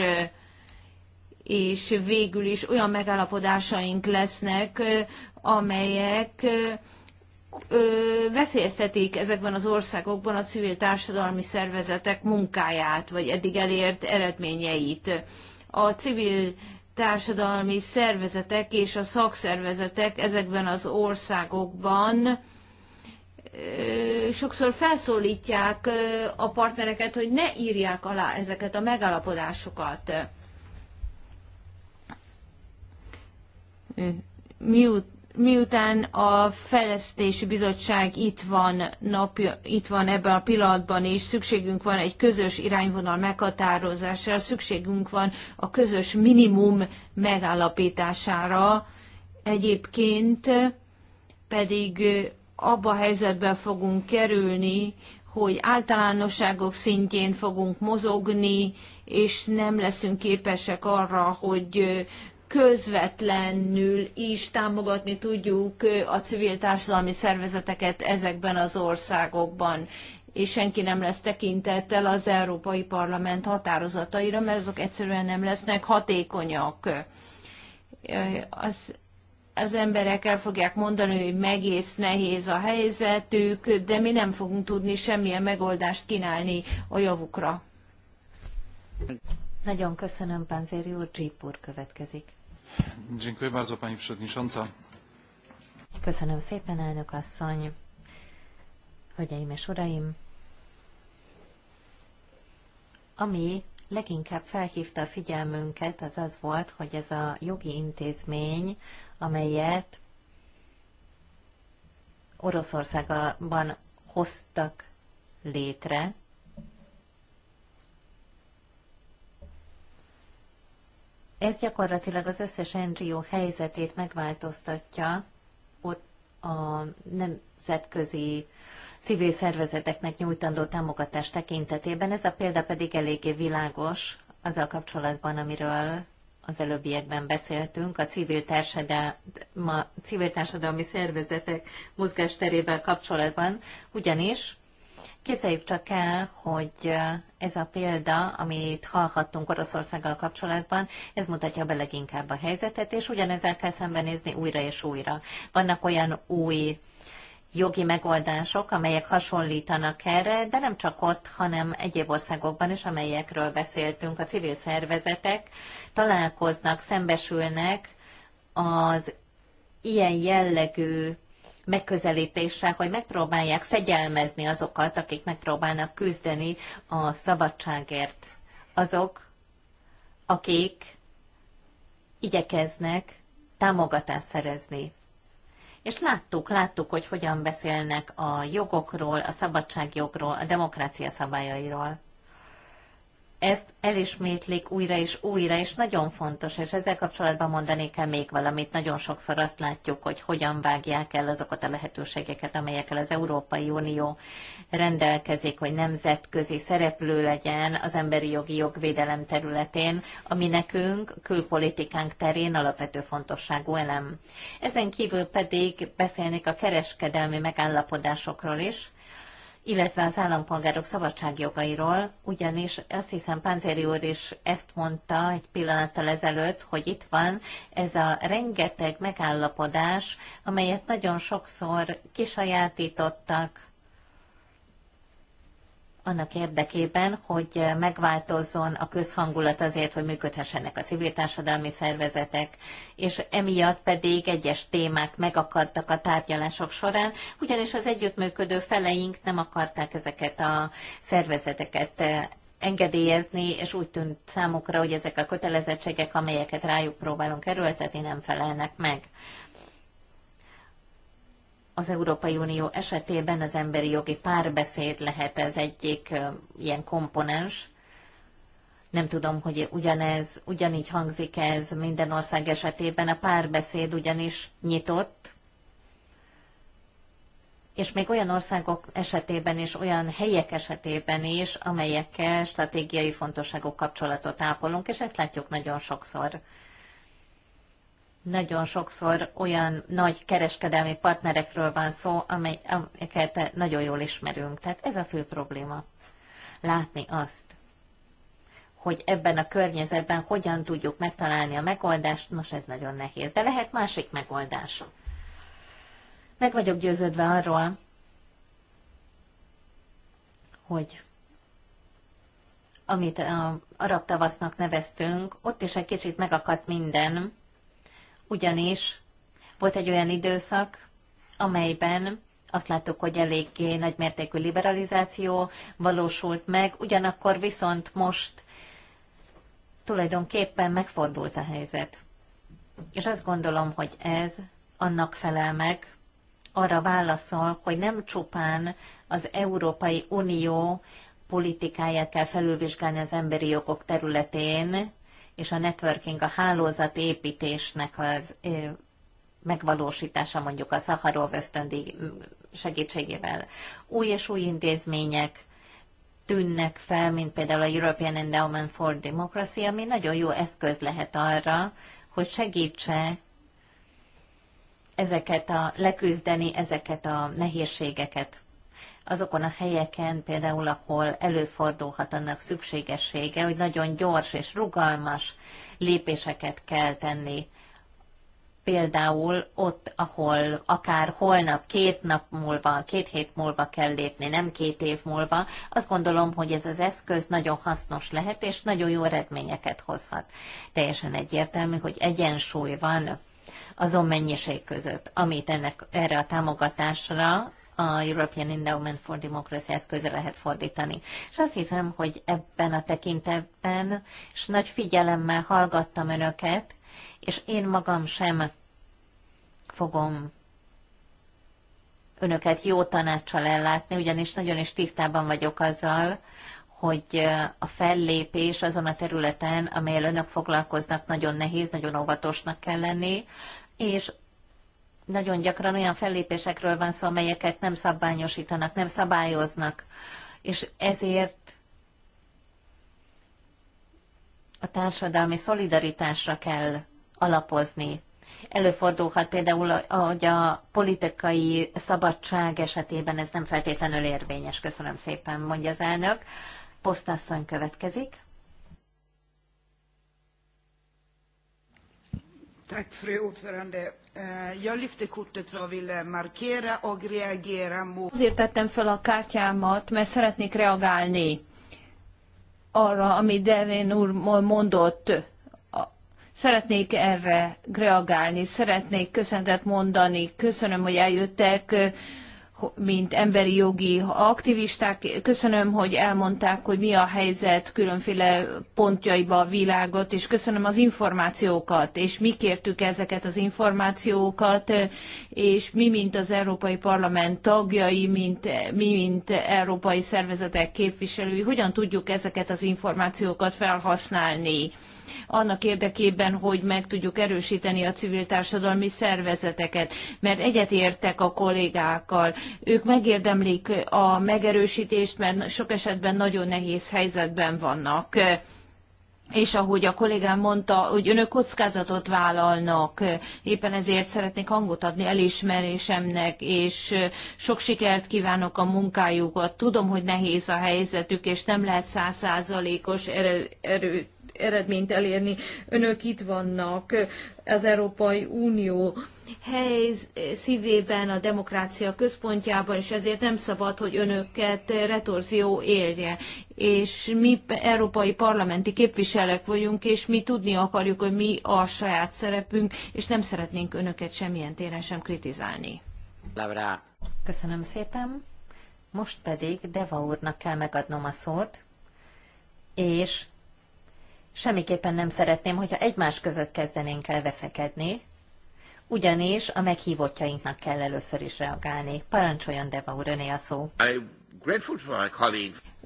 és végül is olyan megállapodásaink lesznek, amelyek veszélyeztetik ezekben az országokban a civil társadalmi szervezetek munkáját, vagy eddig elért eredményeit. A civil társadalmi szervezetek és a szakszervezetek ezekben az országokban sokszor felszólítják a partnereket, hogy ne írják alá ezeket a megállapodásokat. Miut, miután a Fejlesztési Bizottság itt van, napja, itt van ebben a pillanatban, és szükségünk van egy közös irányvonal meghatározására, szükségünk van a közös minimum megállapítására. Egyébként pedig abba a helyzetben fogunk kerülni, hogy általánosságok szintjén fogunk mozogni, és nem leszünk képesek arra, hogy közvetlenül is támogatni tudjuk a civil társadalmi szervezeteket ezekben az országokban és senki nem lesz tekintettel az Európai Parlament határozataira, mert azok egyszerűen nem lesznek hatékonyak. Az, az emberek el fogják mondani, hogy megész nehéz a helyzetük, de mi nem fogunk tudni semmilyen megoldást kínálni a javukra. Nagyon köszönöm, Panzéri úr. Jeep úr következik. Dziękuję bardzo, pani przewodnicząca. Köszönöm szépen, elnök asszony. Hölgyeim és uraim! Ami leginkább felhívta a figyelmünket, az az volt, hogy ez a jogi intézmény, amelyet Oroszországban hoztak létre, Ez gyakorlatilag az összes NGO helyzetét megváltoztatja ott a nemzetközi civil szervezeteknek nyújtandó támogatás tekintetében. Ez a példa pedig eléggé világos azzal kapcsolatban, amiről az előbbiekben beszéltünk, a civil, társadalma, civil társadalmi szervezetek mozgásterével kapcsolatban, ugyanis Képzeljük csak el, hogy ez a példa, amit hallhattunk Oroszországgal kapcsolatban, ez mutatja be leginkább a helyzetet, és ugyanezzel kell szembenézni újra és újra. Vannak olyan új jogi megoldások, amelyek hasonlítanak erre, de nem csak ott, hanem egyéb országokban is, amelyekről beszéltünk. A civil szervezetek találkoznak, szembesülnek az ilyen jellegű megközelítéssel, hogy megpróbálják fegyelmezni azokat, akik megpróbálnak küzdeni a szabadságért. Azok, akik igyekeznek támogatást szerezni. És láttuk, láttuk, hogy hogyan beszélnek a jogokról, a szabadságjogról, a demokrácia szabályairól ezt elismétlik újra és újra, és nagyon fontos, és ezzel kapcsolatban mondanék el még valamit. Nagyon sokszor azt látjuk, hogy hogyan vágják el azokat a lehetőségeket, amelyekkel az Európai Unió rendelkezik, hogy nemzetközi szereplő legyen az emberi jogi jogvédelem területén, ami nekünk külpolitikánk terén alapvető fontosságú elem. Ezen kívül pedig beszélnék a kereskedelmi megállapodásokról is, illetve az állampolgárok szabadságjogairól, ugyanis azt hiszem Pánzéri úr is ezt mondta egy pillanattal ezelőtt, hogy itt van ez a rengeteg megállapodás, amelyet nagyon sokszor kisajátítottak, annak érdekében, hogy megváltozzon a közhangulat azért, hogy működhessenek a civil társadalmi szervezetek, és emiatt pedig egyes témák megakadtak a tárgyalások során, ugyanis az együttműködő feleink nem akarták ezeket a szervezeteket eh, engedélyezni, és úgy tűnt számukra, hogy ezek a kötelezettségek, amelyeket rájuk próbálunk erőltetni, nem felelnek meg az Európai Unió esetében az emberi jogi párbeszéd lehet ez egyik ilyen komponens. Nem tudom, hogy ugyanez, ugyanígy hangzik ez minden ország esetében. A párbeszéd ugyanis nyitott, és még olyan országok esetében és olyan helyek esetében is, amelyekkel stratégiai fontosságú kapcsolatot ápolunk, és ezt látjuk nagyon sokszor nagyon sokszor olyan nagy kereskedelmi partnerekről van szó, amelyeket nagyon jól ismerünk. Tehát ez a fő probléma. Látni azt, hogy ebben a környezetben hogyan tudjuk megtalálni a megoldást, nos ez nagyon nehéz, de lehet másik megoldás. Meg vagyok győződve arról, hogy amit a arab tavasznak neveztünk, ott is egy kicsit megakadt minden, ugyanis volt egy olyan időszak, amelyben azt láttuk, hogy eléggé nagymértékű liberalizáció valósult meg, ugyanakkor viszont most tulajdonképpen megfordult a helyzet. És azt gondolom, hogy ez annak felel meg, arra válaszol, hogy nem csupán az Európai Unió politikáját kell felülvizsgálni az emberi jogok területén, és a networking, a hálózatépítésnek az megvalósítása mondjuk a Szaharov ösztöndi segítségével. Új és új intézmények tűnnek fel, mint például a European Endowment for Democracy, ami nagyon jó eszköz lehet arra, hogy segítse ezeket a, leküzdeni ezeket a nehézségeket azokon a helyeken például, ahol előfordulhat annak szükségessége, hogy nagyon gyors és rugalmas lépéseket kell tenni. Például ott, ahol akár holnap, két nap múlva, két hét múlva kell lépni, nem két év múlva, azt gondolom, hogy ez az eszköz nagyon hasznos lehet, és nagyon jó eredményeket hozhat. Teljesen egyértelmű, hogy egyensúly van azon mennyiség között, amit ennek, erre a támogatásra a European Endowment for Democracy eszközre lehet fordítani. És azt hiszem, hogy ebben a tekintetben, és nagy figyelemmel hallgattam önöket, és én magam sem fogom önöket jó tanácsal ellátni, ugyanis nagyon is tisztában vagyok azzal, hogy a fellépés azon a területen, amelyel önök foglalkoznak, nagyon nehéz, nagyon óvatosnak kell lenni, és nagyon gyakran olyan fellépésekről van szó, amelyeket nem szabványosítanak, nem szabályoznak. És ezért a társadalmi szolidaritásra kell alapozni. Előfordulhat például, hogy a politikai szabadság esetében ez nem feltétlenül érvényes. Köszönöm szépen, mondja az elnök. Posztasszony következik. Tack, fru ordförande. Eh, Jag lyfte kortet för att ville markera och reagera mot... Azért tettem fel a kártyámat, mert szeretnék reagálni arra, ami Devin úr mondott. Szeretnék erre reagálni, szeretnék köszöntet mondani. Köszönöm, hogy eljöttek mint emberi jogi aktivisták. Köszönöm, hogy elmondták, hogy mi a helyzet különféle pontjaiba a világot, és köszönöm az információkat, és mi kértük ezeket az információkat, és mi, mint az Európai Parlament tagjai, mint, mi, mint európai szervezetek képviselői, hogyan tudjuk ezeket az információkat felhasználni annak érdekében, hogy meg tudjuk erősíteni a civil társadalmi szervezeteket, mert egyetértek a kollégákkal. Ők megérdemlik a megerősítést, mert sok esetben nagyon nehéz helyzetben vannak és ahogy a kollégám mondta, hogy önök kockázatot vállalnak, éppen ezért szeretnék hangot adni elismerésemnek, és sok sikert kívánok a munkájukat. Tudom, hogy nehéz a helyzetük, és nem lehet százszázalékos erőt eredményt elérni. Önök itt vannak, az Európai Unió hely szívében, a demokrácia központjában, és ezért nem szabad, hogy önöket retorzió érje. És mi európai parlamenti képviselők vagyunk, és mi tudni akarjuk, hogy mi a saját szerepünk, és nem szeretnénk önöket semmilyen téren sem kritizálni. Laura. Köszönöm szépen. Most pedig Deva úrnak kell megadnom a szót, és semmiképpen nem szeretném, hogyha egymás között kezdenénk el veszekedni, ugyanis a meghívottjainknak kell először is reagálni. Parancsoljon Deva úr, öné a szó.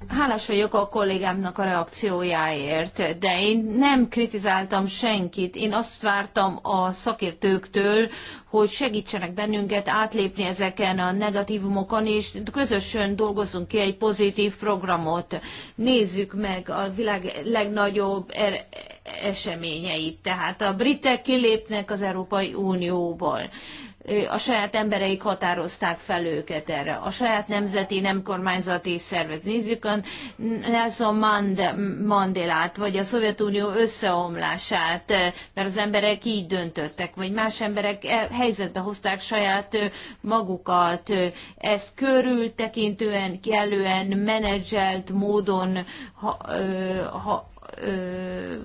Hálás vagyok a kollégámnak a reakciójáért, de én nem kritizáltam senkit. Én azt vártam a szakértőktől, hogy segítsenek bennünket átlépni ezeken a negatívumokon, és közösen dolgozzunk ki egy pozitív programot. Nézzük meg a világ legnagyobb er- eseményeit. Tehát a britek kilépnek az Európai Unióból a saját embereik határozták fel őket erre. A saját nemzeti, nem kormányzati szervet. Nézzük a Nelson Mand Mandelát, vagy a Szovjetunió összeomlását, mert az emberek így döntöttek, vagy más emberek e helyzetbe hozták saját magukat. Ez körültekintően, kellően menedzselt módon ha, ha,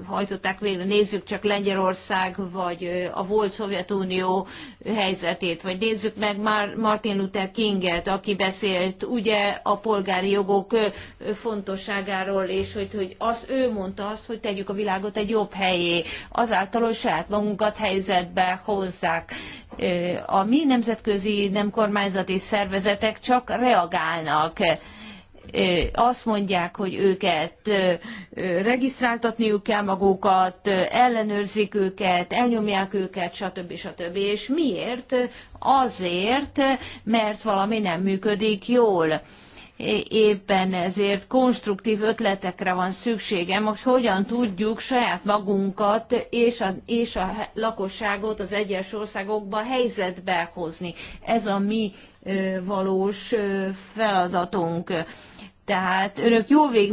hajtották végre. Nézzük csak Lengyelország, vagy a volt Szovjetunió helyzetét, vagy nézzük meg Mar- Martin Luther Kinget, aki beszélt ugye a polgári jogok fontosságáról, és hogy, hogy az ő mondta azt, hogy tegyük a világot egy jobb helyé, azáltal, hogy saját magunkat helyzetbe hozzák. A mi nemzetközi nem kormányzati szervezetek csak reagálnak azt mondják, hogy őket regisztráltatniuk kell magukat, ellenőrzik őket, elnyomják őket, stb. stb. És miért? Azért, mert valami nem működik jól éppen ezért konstruktív ötletekre van szükségem, hogy hogyan tudjuk saját magunkat és a, és a lakosságot az egyes országokba helyzetbe hozni. Ez a mi valós feladatunk tehát önök jó, vég,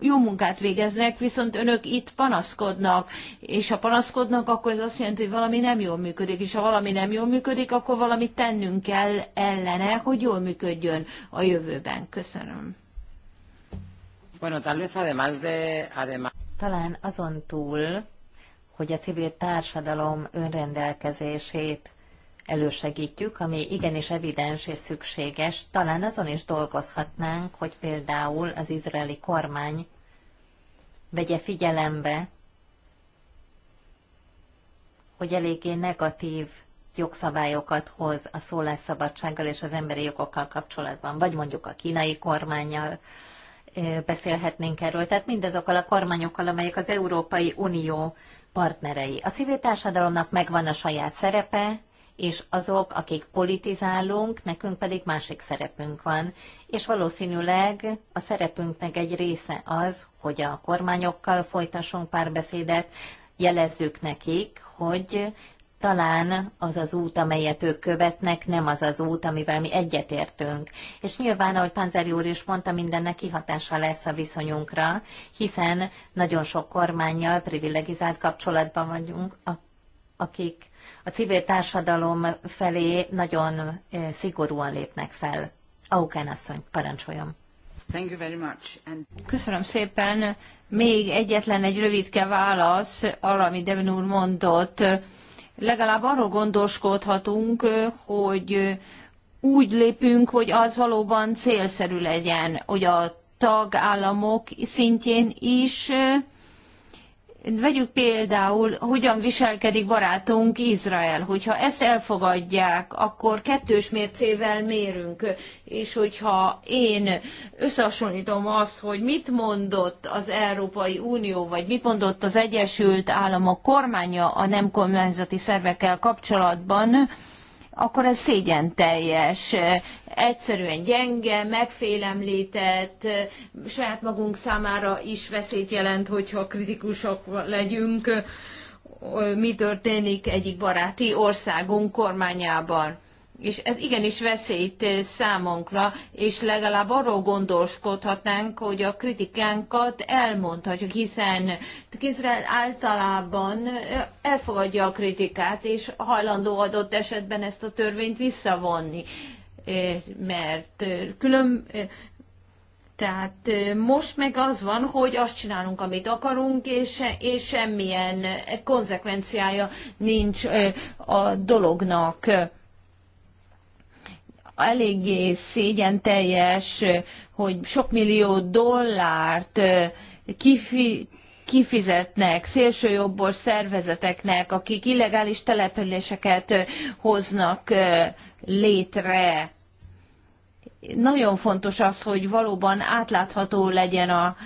jó munkát végeznek, viszont önök itt panaszkodnak, és ha panaszkodnak, akkor ez azt jelenti, hogy valami nem jól működik, és ha valami nem jól működik, akkor valamit tennünk kell ellene, hogy jól működjön a jövőben. Köszönöm. Talán azon túl, hogy a civil társadalom önrendelkezését elősegítjük, ami igenis evidens és szükséges. Talán azon is dolgozhatnánk, hogy például az izraeli kormány vegye figyelembe, hogy eléggé negatív jogszabályokat hoz a szólásszabadsággal és az emberi jogokkal kapcsolatban, vagy mondjuk a kínai kormányjal beszélhetnénk erről. Tehát mindazokkal a kormányokkal, amelyek az Európai Unió partnerei. A civil társadalomnak megvan a saját szerepe, és azok, akik politizálunk, nekünk pedig másik szerepünk van. És valószínűleg a szerepünknek egy része az, hogy a kormányokkal folytassunk párbeszédet, jelezzük nekik, hogy talán az az út, amelyet ők követnek, nem az az út, amivel mi egyetértünk. És nyilván, ahogy Panzeri úr is mondta, mindennek kihatása lesz a viszonyunkra, hiszen nagyon sok kormányjal privilegizált kapcsolatban vagyunk, akik a civil társadalom felé nagyon szigorúan lépnek fel. Aukán asszony, parancsoljon! Thank you very much. And... Köszönöm szépen. Még egyetlen egy rövidke válasz arra, amit Devin úr mondott. Legalább arról gondoskodhatunk, hogy úgy lépünk, hogy az valóban célszerű legyen, hogy a tagállamok szintjén is Vegyük például, hogyan viselkedik barátunk Izrael. Hogyha ezt elfogadják, akkor kettős mércével mérünk. És hogyha én összehasonlítom azt, hogy mit mondott az Európai Unió, vagy mit mondott az Egyesült Államok kormánya a nem kormányzati szervekkel kapcsolatban, akkor ez szégyen teljes, egyszerűen gyenge, megfélemlített, saját magunk számára is veszélyt jelent, hogyha kritikusak legyünk, mi történik egyik baráti országunk kormányában és ez igenis veszélyt eh, számunkra, és legalább arról gondoskodhatnánk, hogy a kritikánkat elmondhatjuk, hiszen Izrael általában eh, elfogadja a kritikát, és hajlandó adott esetben ezt a törvényt visszavonni. Eh, mert külön, tehát most meg az van, hogy azt csinálunk, amit akarunk, és, és semmilyen konzekvenciája nincs a dolognak eléggé szégyen teljes, hogy sok millió dollárt kifi, kifizetnek szélsőjobbos szervezeteknek, akik illegális településeket hoznak létre. Nagyon fontos az, hogy valóban átlátható legyen a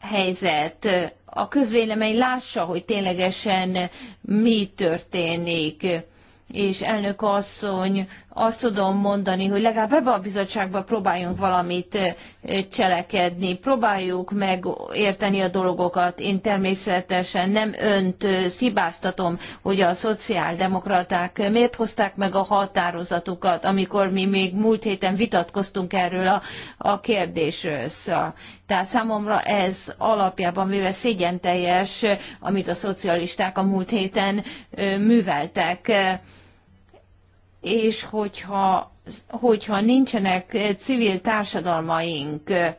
helyzet, a közvélemény lássa, hogy ténylegesen mi történik. És elnök asszony, azt tudom mondani, hogy legalább ebbe a bizottságba próbáljunk valamit cselekedni, próbáljuk meg érteni a dolgokat. Én természetesen nem önt szibáztatom, hogy a szociáldemokraták miért hozták meg a határozatukat, amikor mi még múlt héten vitatkoztunk erről a, a kérdésről. Szóval, tehát számomra ez alapjában mivel szégyenteljes, amit a szocialisták a múlt héten műveltek és hogyha, hogyha nincsenek eh, civil társadalmaink, eh,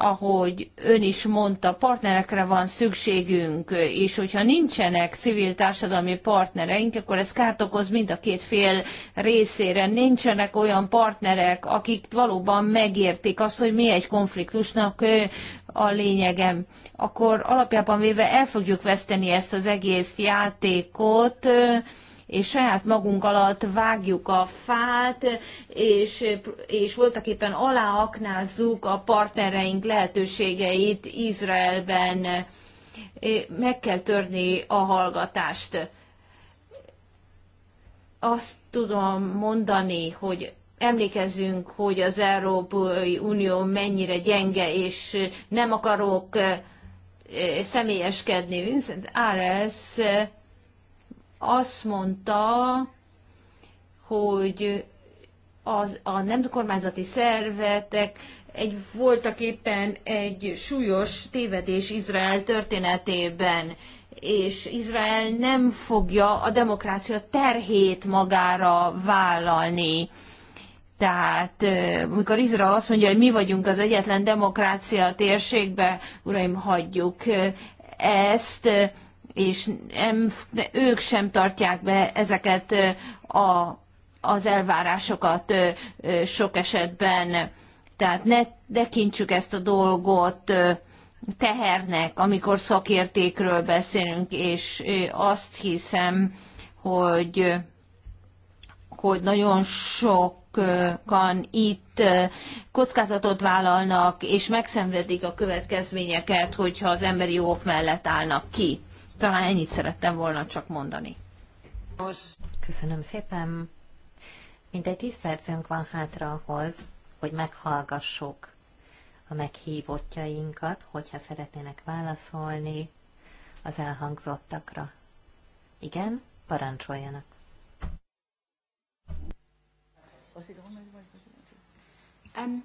ahogy ön is mondta, partnerekre van szükségünk, eh, és hogyha nincsenek civil társadalmi partnereink, akkor ez kárt okoz mind a két fél részére. Nincsenek olyan partnerek, akik valóban megértik azt, hogy mi egy konfliktusnak a lényegem. Akkor alapjában véve el fogjuk veszteni ezt az egész játékot, és saját magunk alatt vágjuk a fát, és, és voltak éppen aláaknázzuk a partnereink lehetőségeit Izraelben. Meg kell törni a hallgatást. Azt tudom mondani, hogy emlékezünk, hogy az Európai Unió mennyire gyenge, és nem akarok személyeskedni. Vincent Ares azt mondta, hogy az, a nem kormányzati szervetek egy voltak éppen egy súlyos tévedés Izrael történetében, és Izrael nem fogja a demokrácia terhét magára vállalni. Tehát amikor Izrael azt mondja, hogy mi vagyunk az egyetlen demokrácia térségbe, uraim, hagyjuk ezt, és em, ők sem tartják be ezeket a, az elvárásokat sok esetben. Tehát ne tekintsük ezt a dolgot tehernek, amikor szakértékről beszélünk, és azt hiszem, hogy, hogy nagyon sokan itt kockázatot vállalnak, és megszenvedik a következményeket, hogyha az emberi jogok mellett állnak ki. Talán ennyit szerettem volna csak mondani. Köszönöm szépen. egy tíz percünk van hátra ahhoz, hogy meghallgassuk a meghívottjainkat, hogyha szeretnének válaszolni az elhangzottakra. Igen, parancsoljanak. Um,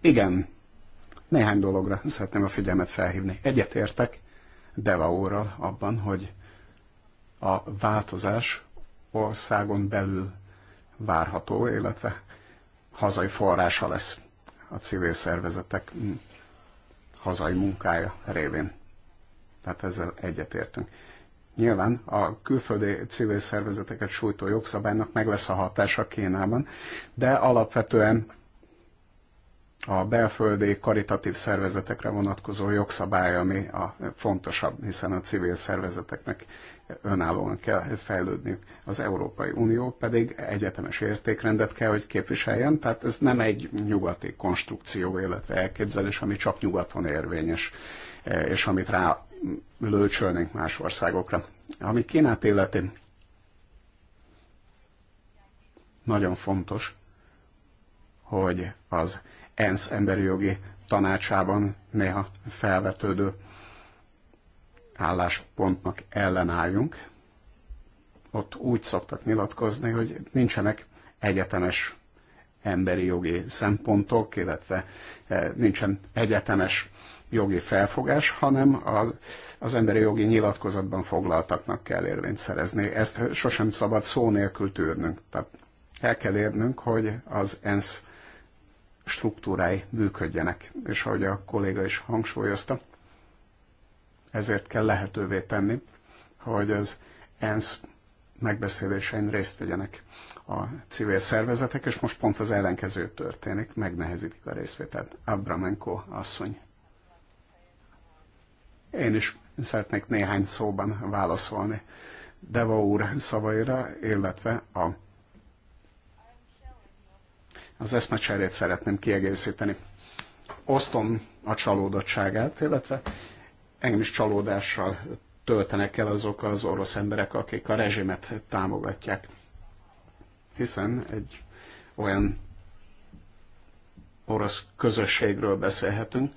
Igen, néhány dologra szeretném a figyelmet felhívni. Egyetértek Delaóral abban, hogy a változás országon belül várható, illetve hazai forrása lesz a civil szervezetek hazai munkája révén. Tehát ezzel egyetértünk. Nyilván a külföldi civil szervezeteket sújtó jogszabálynak meg lesz a hatása Kínában, de alapvetően a belföldi karitatív szervezetekre vonatkozó jogszabály, ami a fontosabb, hiszen a civil szervezeteknek önállóan kell fejlődniük. Az Európai Unió pedig egyetemes értékrendet kell, hogy képviseljen, tehát ez nem egy nyugati konstrukció, illetve elképzelés, ami csak nyugaton érvényes, eh, és amit rá lőcsölnénk más országokra. Ami Kínát illeti, nagyon fontos, hogy az ENSZ emberi jogi tanácsában néha felvetődő álláspontnak ellenálljunk. Ott úgy szoktak nyilatkozni, hogy nincsenek egyetemes emberi jogi szempontok, illetve eh, nincsen egyetemes jogi felfogás, hanem az, emberi jogi nyilatkozatban foglaltaknak kell érvényt szerezni. Ezt sosem szabad szó nélkül tűrnünk. Tehát el kell érnünk, hogy az ENSZ struktúrái működjenek. És ahogy a kolléga is hangsúlyozta, ezért kell lehetővé tenni, hogy az ENSZ megbeszélésein részt vegyenek a civil szervezetek, és most pont az ellenkező történik, megnehezítik a részvételt. Abramenko asszony. Én is szeretnék néhány szóban válaszolni Deva úr szavaira, illetve a az eszmecserét szeretném kiegészíteni. Osztom a csalódottságát, illetve engem is csalódással töltenek el azok az orosz emberek, akik a rezsimet támogatják. Hiszen egy olyan orosz közösségről beszélhetünk,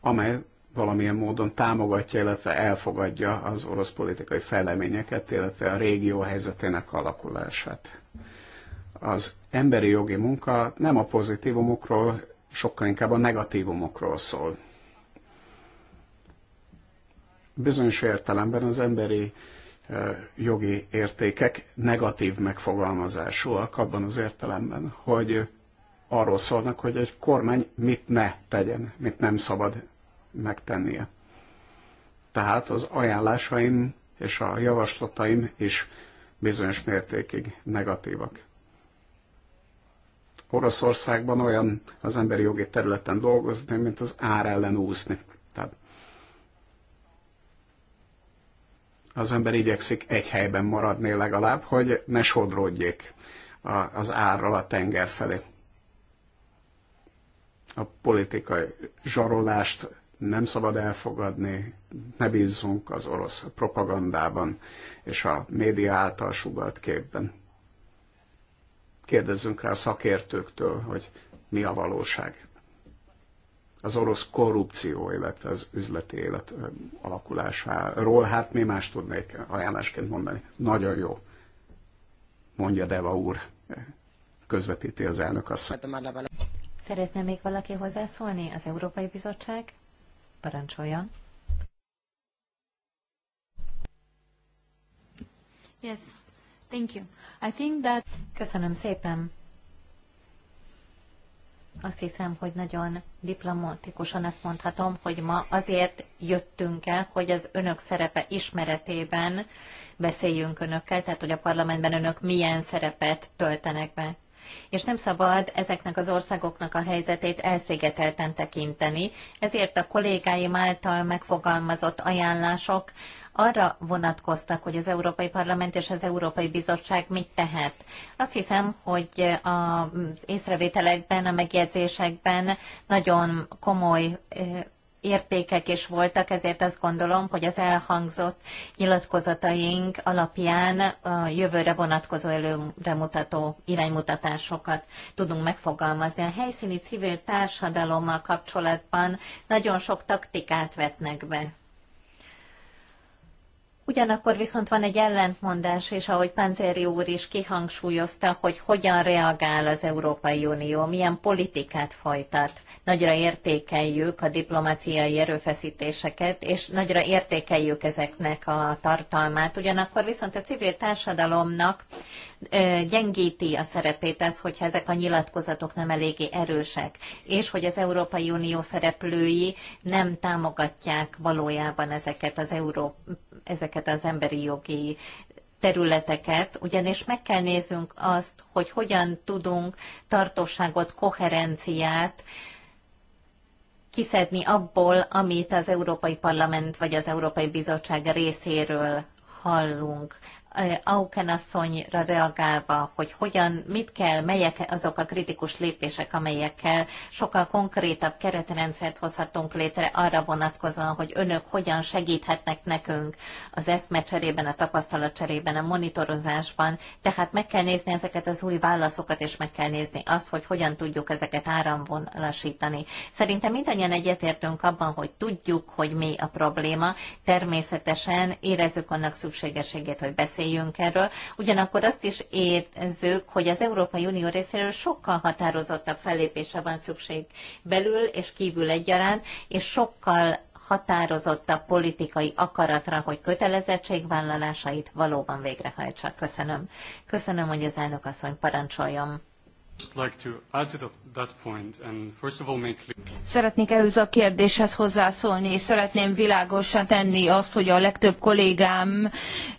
amely valamilyen módon támogatja, illetve elfogadja az orosz politikai fejleményeket, illetve a régió helyzetének alakulását az emberi jogi munka nem a pozitívumokról, sokkal inkább a negatívumokról szól. Bizonyos értelemben az emberi eh, jogi értékek negatív megfogalmazásúak abban az értelemben, hogy arról szólnak, hogy egy kormány mit ne tegyen, mit nem szabad megtennie. Tehát az ajánlásaim és a javaslataim is bizonyos mértékig negatívak. Oroszországban olyan az emberi jogi területen dolgozni, mint az ár ellen úszni. Tehát az ember igyekszik egy helyben maradni legalább, hogy ne sodródjék az árral a tenger felé. A politikai zsarolást nem szabad elfogadni, ne bízzunk az orosz propagandában és a média által sugalt képben kérdezzünk rá szakértőktől, hogy mi a valóság. Az orosz korrupció, illetve az üzleti élet alakulásáról, hát mi más tudnék ajánlásként mondani. Nagyon jó, mondja Deva úr, közvetíti az elnök azt. Szeretne még valaki hozzászólni? Az Európai Bizottság? Parancsoljon. Yes, Thank you. I think that... Köszönöm szépen. Azt hiszem, hogy nagyon diplomatikusan azt mondhatom, hogy ma azért jöttünk el, hogy az önök szerepe ismeretében beszéljünk önökkel, tehát hogy a parlamentben önök milyen szerepet töltenek be és nem szabad ezeknek az országoknak a helyzetét elszigetelten tekinteni. Ezért a kollégáim által megfogalmazott ajánlások arra vonatkoztak, hogy az Európai Parlament és az Európai Bizottság mit tehet. Azt hiszem, hogy az észrevételekben, a megjegyzésekben nagyon komoly eh, értékek is voltak, ezért azt gondolom, hogy az elhangzott nyilatkozataink alapján a jövőre vonatkozó előremutató iránymutatásokat tudunk megfogalmazni. A helyszíni civil társadalommal kapcsolatban nagyon sok taktikát vetnek be Ugyanakkor viszont van egy ellentmondás, és ahogy Panzeri úr is kihangsúlyozta, hogy hogyan reagál az Európai Unió, milyen politikát folytat. Nagyra értékeljük a diplomáciai erőfeszítéseket, és nagyra értékeljük ezeknek a tartalmát. Ugyanakkor viszont a civil társadalomnak gyengíti a szerepét ez, hogyha ezek a nyilatkozatok nem eléggé erősek, és hogy az Európai Unió szereplői nem támogatják valójában ezeket az, Euró- ezeket az emberi jogi területeket, ugyanis meg kell néznünk azt, hogy hogyan tudunk tartóságot, koherenciát kiszedni abból, amit az Európai Parlament vagy az Európai Bizottság részéről hallunk. Eh, Auken asszonyra reagálva, hogy hogyan, mit kell, melyek azok a kritikus lépések, amelyekkel sokkal konkrétabb keretrendszert hozhatunk létre arra vonatkozóan, hogy önök hogyan segíthetnek nekünk az eszmecserében, a tapasztalatcserében, a monitorozásban. Tehát meg kell nézni ezeket az új válaszokat, és meg kell nézni azt, hogy hogyan tudjuk ezeket áramvonalasítani. Szerintem mindannyian egyetértünk abban, hogy tudjuk, hogy mi a probléma. Természetesen érezzük annak szükségességét, hogy beszéljünk beszéljünk erről. Ugyanakkor azt is érzők, hogy az Európai Unió részéről sokkal határozottabb fellépése van szükség belül és kívül egyaránt, és sokkal határozottabb politikai akaratra, hogy kötelezettségvállalásait valóban végrehajtsa. Köszönöm. Köszönöm, hogy az elnök asszony parancsoljon. Szeretnék ehhez a kérdéshez hozzászólni, és szeretném világosra tenni azt, hogy a legtöbb kollégám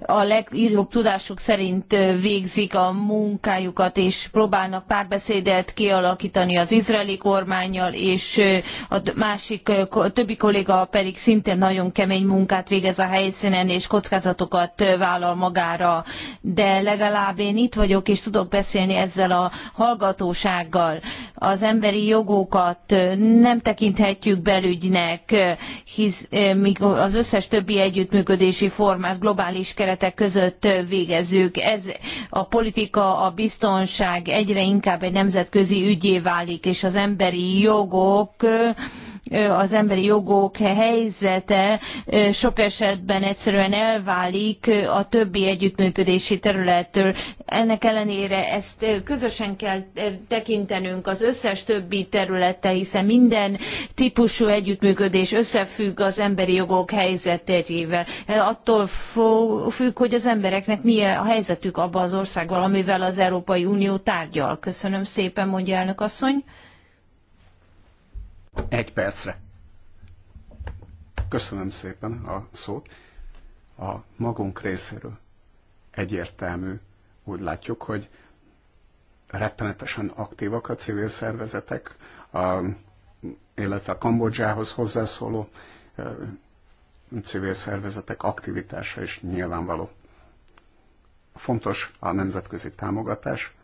a legjobb tudásuk szerint végzik a munkájukat, és próbálnak párbeszédet kialakítani az izraeli kormányjal, és a másik a többi kolléga pedig szintén nagyon kemény munkát végez a helyszínen, és kockázatokat vállal magára. De legalább én itt vagyok, és tudok beszélni ezzel a hallgatókkal, hallgatósággal. Az emberi jogokat nem tekinthetjük belügynek, hisz az összes többi együttműködési formát globális keretek között végezzük. Ez a politika, a biztonság egyre inkább egy nemzetközi ügyé válik, és az emberi jogok az emberi jogok helyzete sok esetben egyszerűen elválik a többi együttműködési területtől. Ennek ellenére ezt közösen kell tekintenünk az összes többi területtel, hiszen minden típusú együttműködés összefügg az emberi jogok helyzetével. Attól függ, hogy az embereknek milyen a helyzetük abban az országban, amivel az Európai Unió tárgyal. Köszönöm szépen, mondja elnök asszony. Egy percre. Köszönöm szépen a szót. A magunk részéről egyértelmű, úgy látjuk, hogy rettenetesen aktívak a civil szervezetek, a, illetve a Kambodzsához hozzászóló civil szervezetek aktivitása is nyilvánvaló. Fontos a nemzetközi támogatás,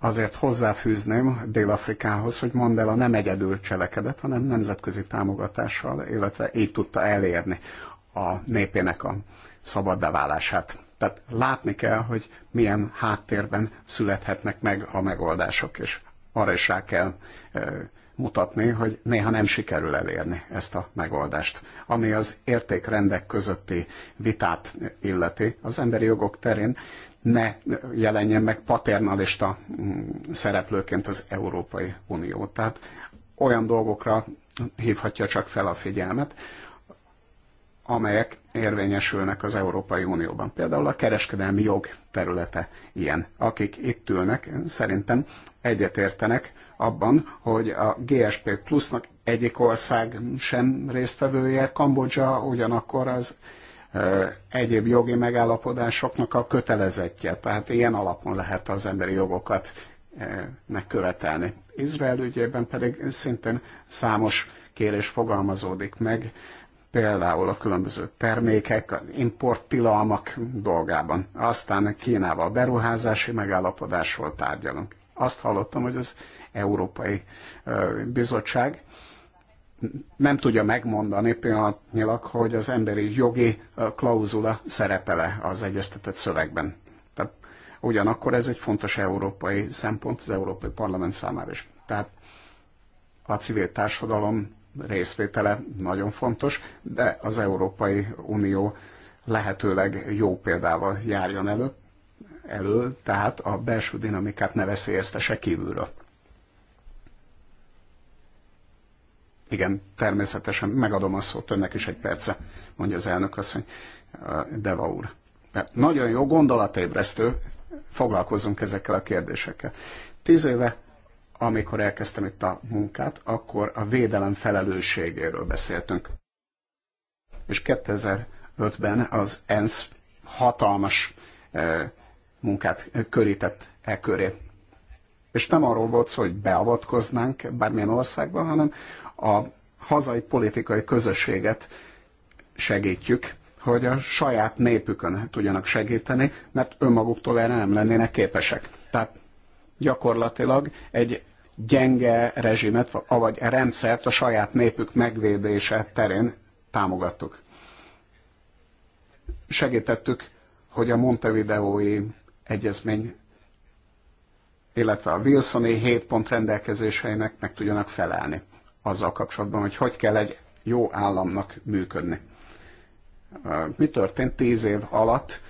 azért hozzáfűzném Dél-Afrikához, hogy Mandela nem egyedül cselekedett, hanem nemzetközi támogatással, illetve így tudta elérni a népének a szabaddá Tehát látni kell, hogy milyen háttérben születhetnek meg a megoldások, és arra is rá kell mutatni, hogy néha nem sikerül elérni ezt a megoldást. Ami az értékrendek közötti vitát illeti, az emberi jogok terén ne jelenjen meg paternalista mm, szereplőként az Európai Unió. Tehát olyan dolgokra hívhatja csak fel a figyelmet, amelyek érvényesülnek az Európai Unióban. Például a kereskedelmi jog területe ilyen. Akik itt ülnek, szerintem egyetértenek abban, hogy a GSP plusznak egyik ország sem résztvevője, Kambodzsa ugyanakkor az egyéb jogi megállapodásoknak a kötelezettje. Tehát ilyen alapon lehet az emberi jogokat megkövetelni. Izrael ügyében pedig szintén számos kérés fogalmazódik meg, például a különböző termékek, importtilalmak dolgában. Aztán Kínával a beruházási megállapodásról tárgyalunk. Azt hallottam, hogy az Európai Bizottság nem tudja megmondani pillanatnyilag, hogy az emberi jogi klauzula szerepele az egyeztetett szövegben. Tehát ugyanakkor ez egy fontos európai szempont az Európai Parlament számára is. Tehát a civil társadalom részvétele nagyon fontos, de az Európai Unió lehetőleg jó példával járjon elő, elő tehát a belső dinamikát ne veszélyeztese kívülről. Igen, természetesen megadom a szót önnek is egy perce, mondja az elnök asszony, Deva úr. De nagyon jó gondolatébresztő, foglalkozzunk ezekkel a kérdésekkel. Tíz éve, amikor elkezdtem itt a munkát, akkor a védelem felelősségéről beszéltünk. És 2005-ben az ENSZ hatalmas eh, munkát körített e köré és nem arról volt szó, hogy beavatkoznánk bármilyen országban, hanem a hazai politikai közösséget segítjük, hogy a saját népükön tudjanak segíteni, mert önmaguktól erre nem lennének képesek. Tehát gyakorlatilag egy gyenge rezsimet, vagy rendszert a saját népük megvédése terén támogattuk. Segítettük, hogy a Montevideói egyezmény illetve a Wilsoni 7 pont rendelkezéseinek meg tudjanak felelni azzal kapcsolatban, hogy hogy kell egy jó államnak működni. Mi történt tíz év alatt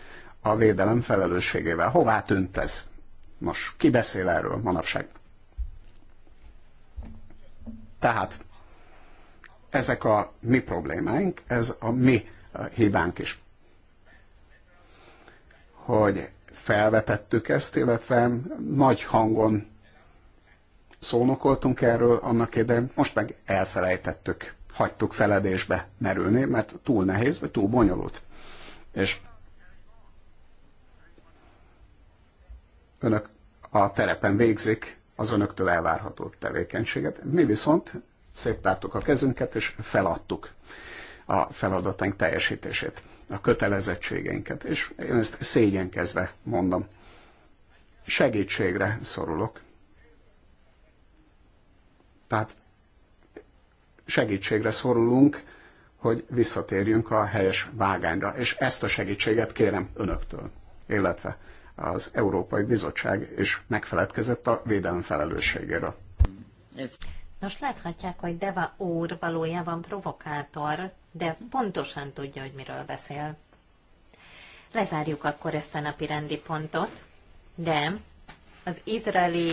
a védelem felelősségével? Hová tűnt ez? Nos, ki beszél erről manapság? Tehát ezek a mi problémáink, ez a mi hibánk is. Hogy felvetettük ezt, illetve nagy hangon szónokoltunk erről annak idején, most meg elfelejtettük, hagytuk feledésbe merülni, mert túl nehéz, vagy túl bonyolult. És önök a terepen végzik az önöktől elvárható tevékenységet. Mi viszont széttártuk a kezünket, és feladtuk a feladataink teljesítését a kötelezettségeinket, és én ezt szégyenkezve mondom. Segítségre szorulok. Tehát segítségre szorulunk, hogy visszatérjünk a helyes vágányra, és ezt a segítséget kérem önöktől, illetve az Európai Bizottság is megfeledkezett a védelem felelősségéről. Nos, láthatják, hogy Deva úr valójában provokátor, de pontosan tudja, hogy miről beszél. Lezárjuk akkor ezt a napi rendi pontot, de az izraeli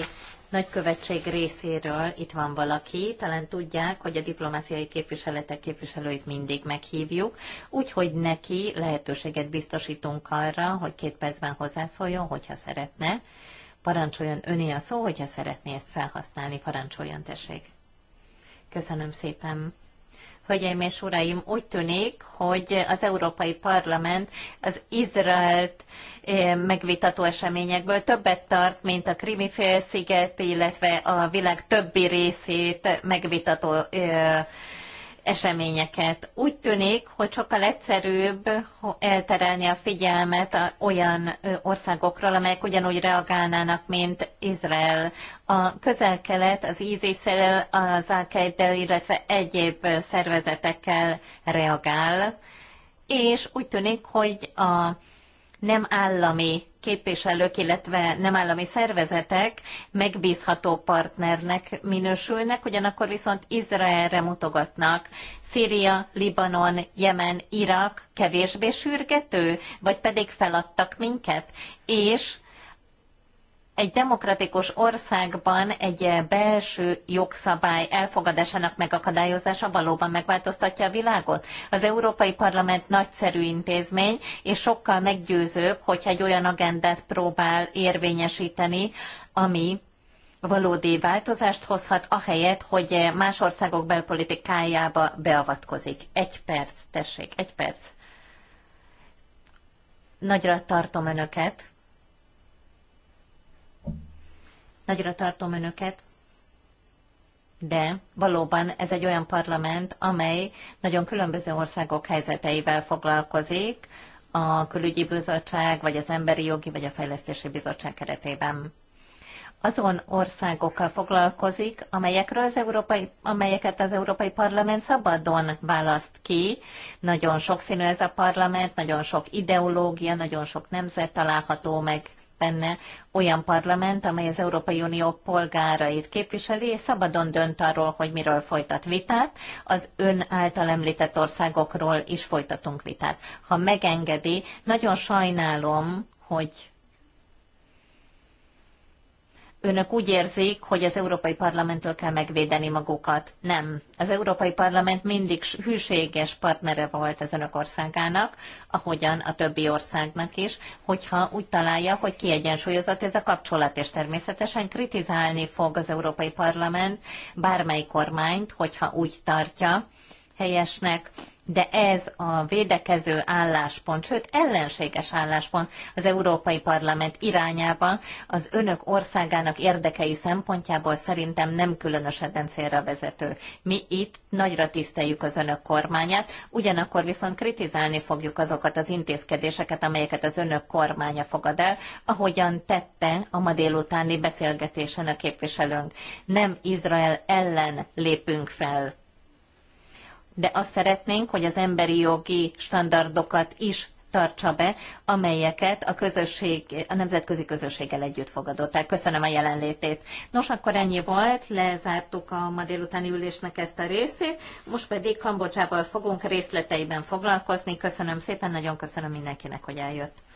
nagykövetség részéről itt van valaki, talán tudják, hogy a diplomáciai képviseletek képviselőit mindig meghívjuk, úgyhogy neki lehetőséget biztosítunk arra, hogy két percben hozzászóljon, hogyha szeretne. Parancsoljon öné a szó, hogyha szeretné ezt felhasználni, parancsoljon tessék. Köszönöm szépen. Hölgyeim és uraim, úgy tűnik, hogy az Európai Parlament az Izraelt eh, megvitató eseményekből többet tart, mint a Krimi félsziget, illetve a világ többi részét megvitató eh, eseményeket. Úgy tűnik, hogy sokkal egyszerűbb elterelni a figyelmet olyan országokról, amelyek ugyanúgy reagálnának, mint Izrael. A közel-kelet az isis az al illetve egyéb szervezetekkel reagál, és úgy tűnik, hogy a nem állami képviselők, illetve nem állami szervezetek megbízható partnernek minősülnek, ugyanakkor viszont Izraelre mutogatnak. Szíria, Libanon, Jemen, Irak kevésbé sürgető, vagy pedig feladtak minket? És egy demokratikus országban egy belső jogszabály elfogadásának megakadályozása valóban megváltoztatja a világot? Az Európai Parlament nagyszerű intézmény, és sokkal meggyőzőbb, hogyha egy olyan agendát próbál érvényesíteni, ami valódi változást hozhat, ahelyett, hogy más országok belpolitikájába beavatkozik. Egy perc, tessék, egy perc. Nagyra tartom önöket Nagyra tartom önöket, de valóban ez egy olyan parlament, amely nagyon különböző országok helyzeteivel foglalkozik, a külügyi bizottság, vagy az emberi jogi, vagy a fejlesztési bizottság keretében. Azon országokkal foglalkozik, amelyekről az európai, amelyeket az Európai Parlament szabadon választ ki. Nagyon sokszínű ez a parlament, nagyon sok ideológia, nagyon sok nemzet található meg benne olyan parlament, amely az Európai Unió polgárait képviseli, és szabadon dönt arról, hogy miről folytat vitát. Az ön által említett országokról is folytatunk vitát. Ha megengedi, nagyon sajnálom, hogy önök úgy érzik, hogy az Európai Parlamenttől kell megvédeni magukat. Nem. Az Európai Parlament mindig hűséges partnere volt az önök országának, ahogyan a többi országnak is, hogyha úgy találja, hogy kiegyensúlyozott ez a kapcsolat, és természetesen kritizálni fog az Európai Parlament bármely kormányt, hogyha úgy tartja helyesnek, de ez a védekező álláspont, sőt ellenséges álláspont az Európai Parlament irányában az önök országának érdekei szempontjából szerintem nem különösebben célra vezető. Mi itt nagyra tiszteljük az önök kormányát, ugyanakkor viszont kritizálni fogjuk azokat az intézkedéseket, amelyeket az önök kormánya fogad el, ahogyan tette a ma délutáni beszélgetésen a képviselőnk. Nem Izrael ellen lépünk fel de azt szeretnénk, hogy az emberi jogi standardokat is tartsa be, amelyeket a közösség, a nemzetközi közösséggel együtt fogadott el. Köszönöm a jelenlétét. Nos, akkor ennyi volt, lezártuk a ma délutáni ülésnek ezt a részét, most pedig Kambodzsával fogunk részleteiben foglalkozni. Köszönöm szépen, nagyon köszönöm mindenkinek, hogy eljött.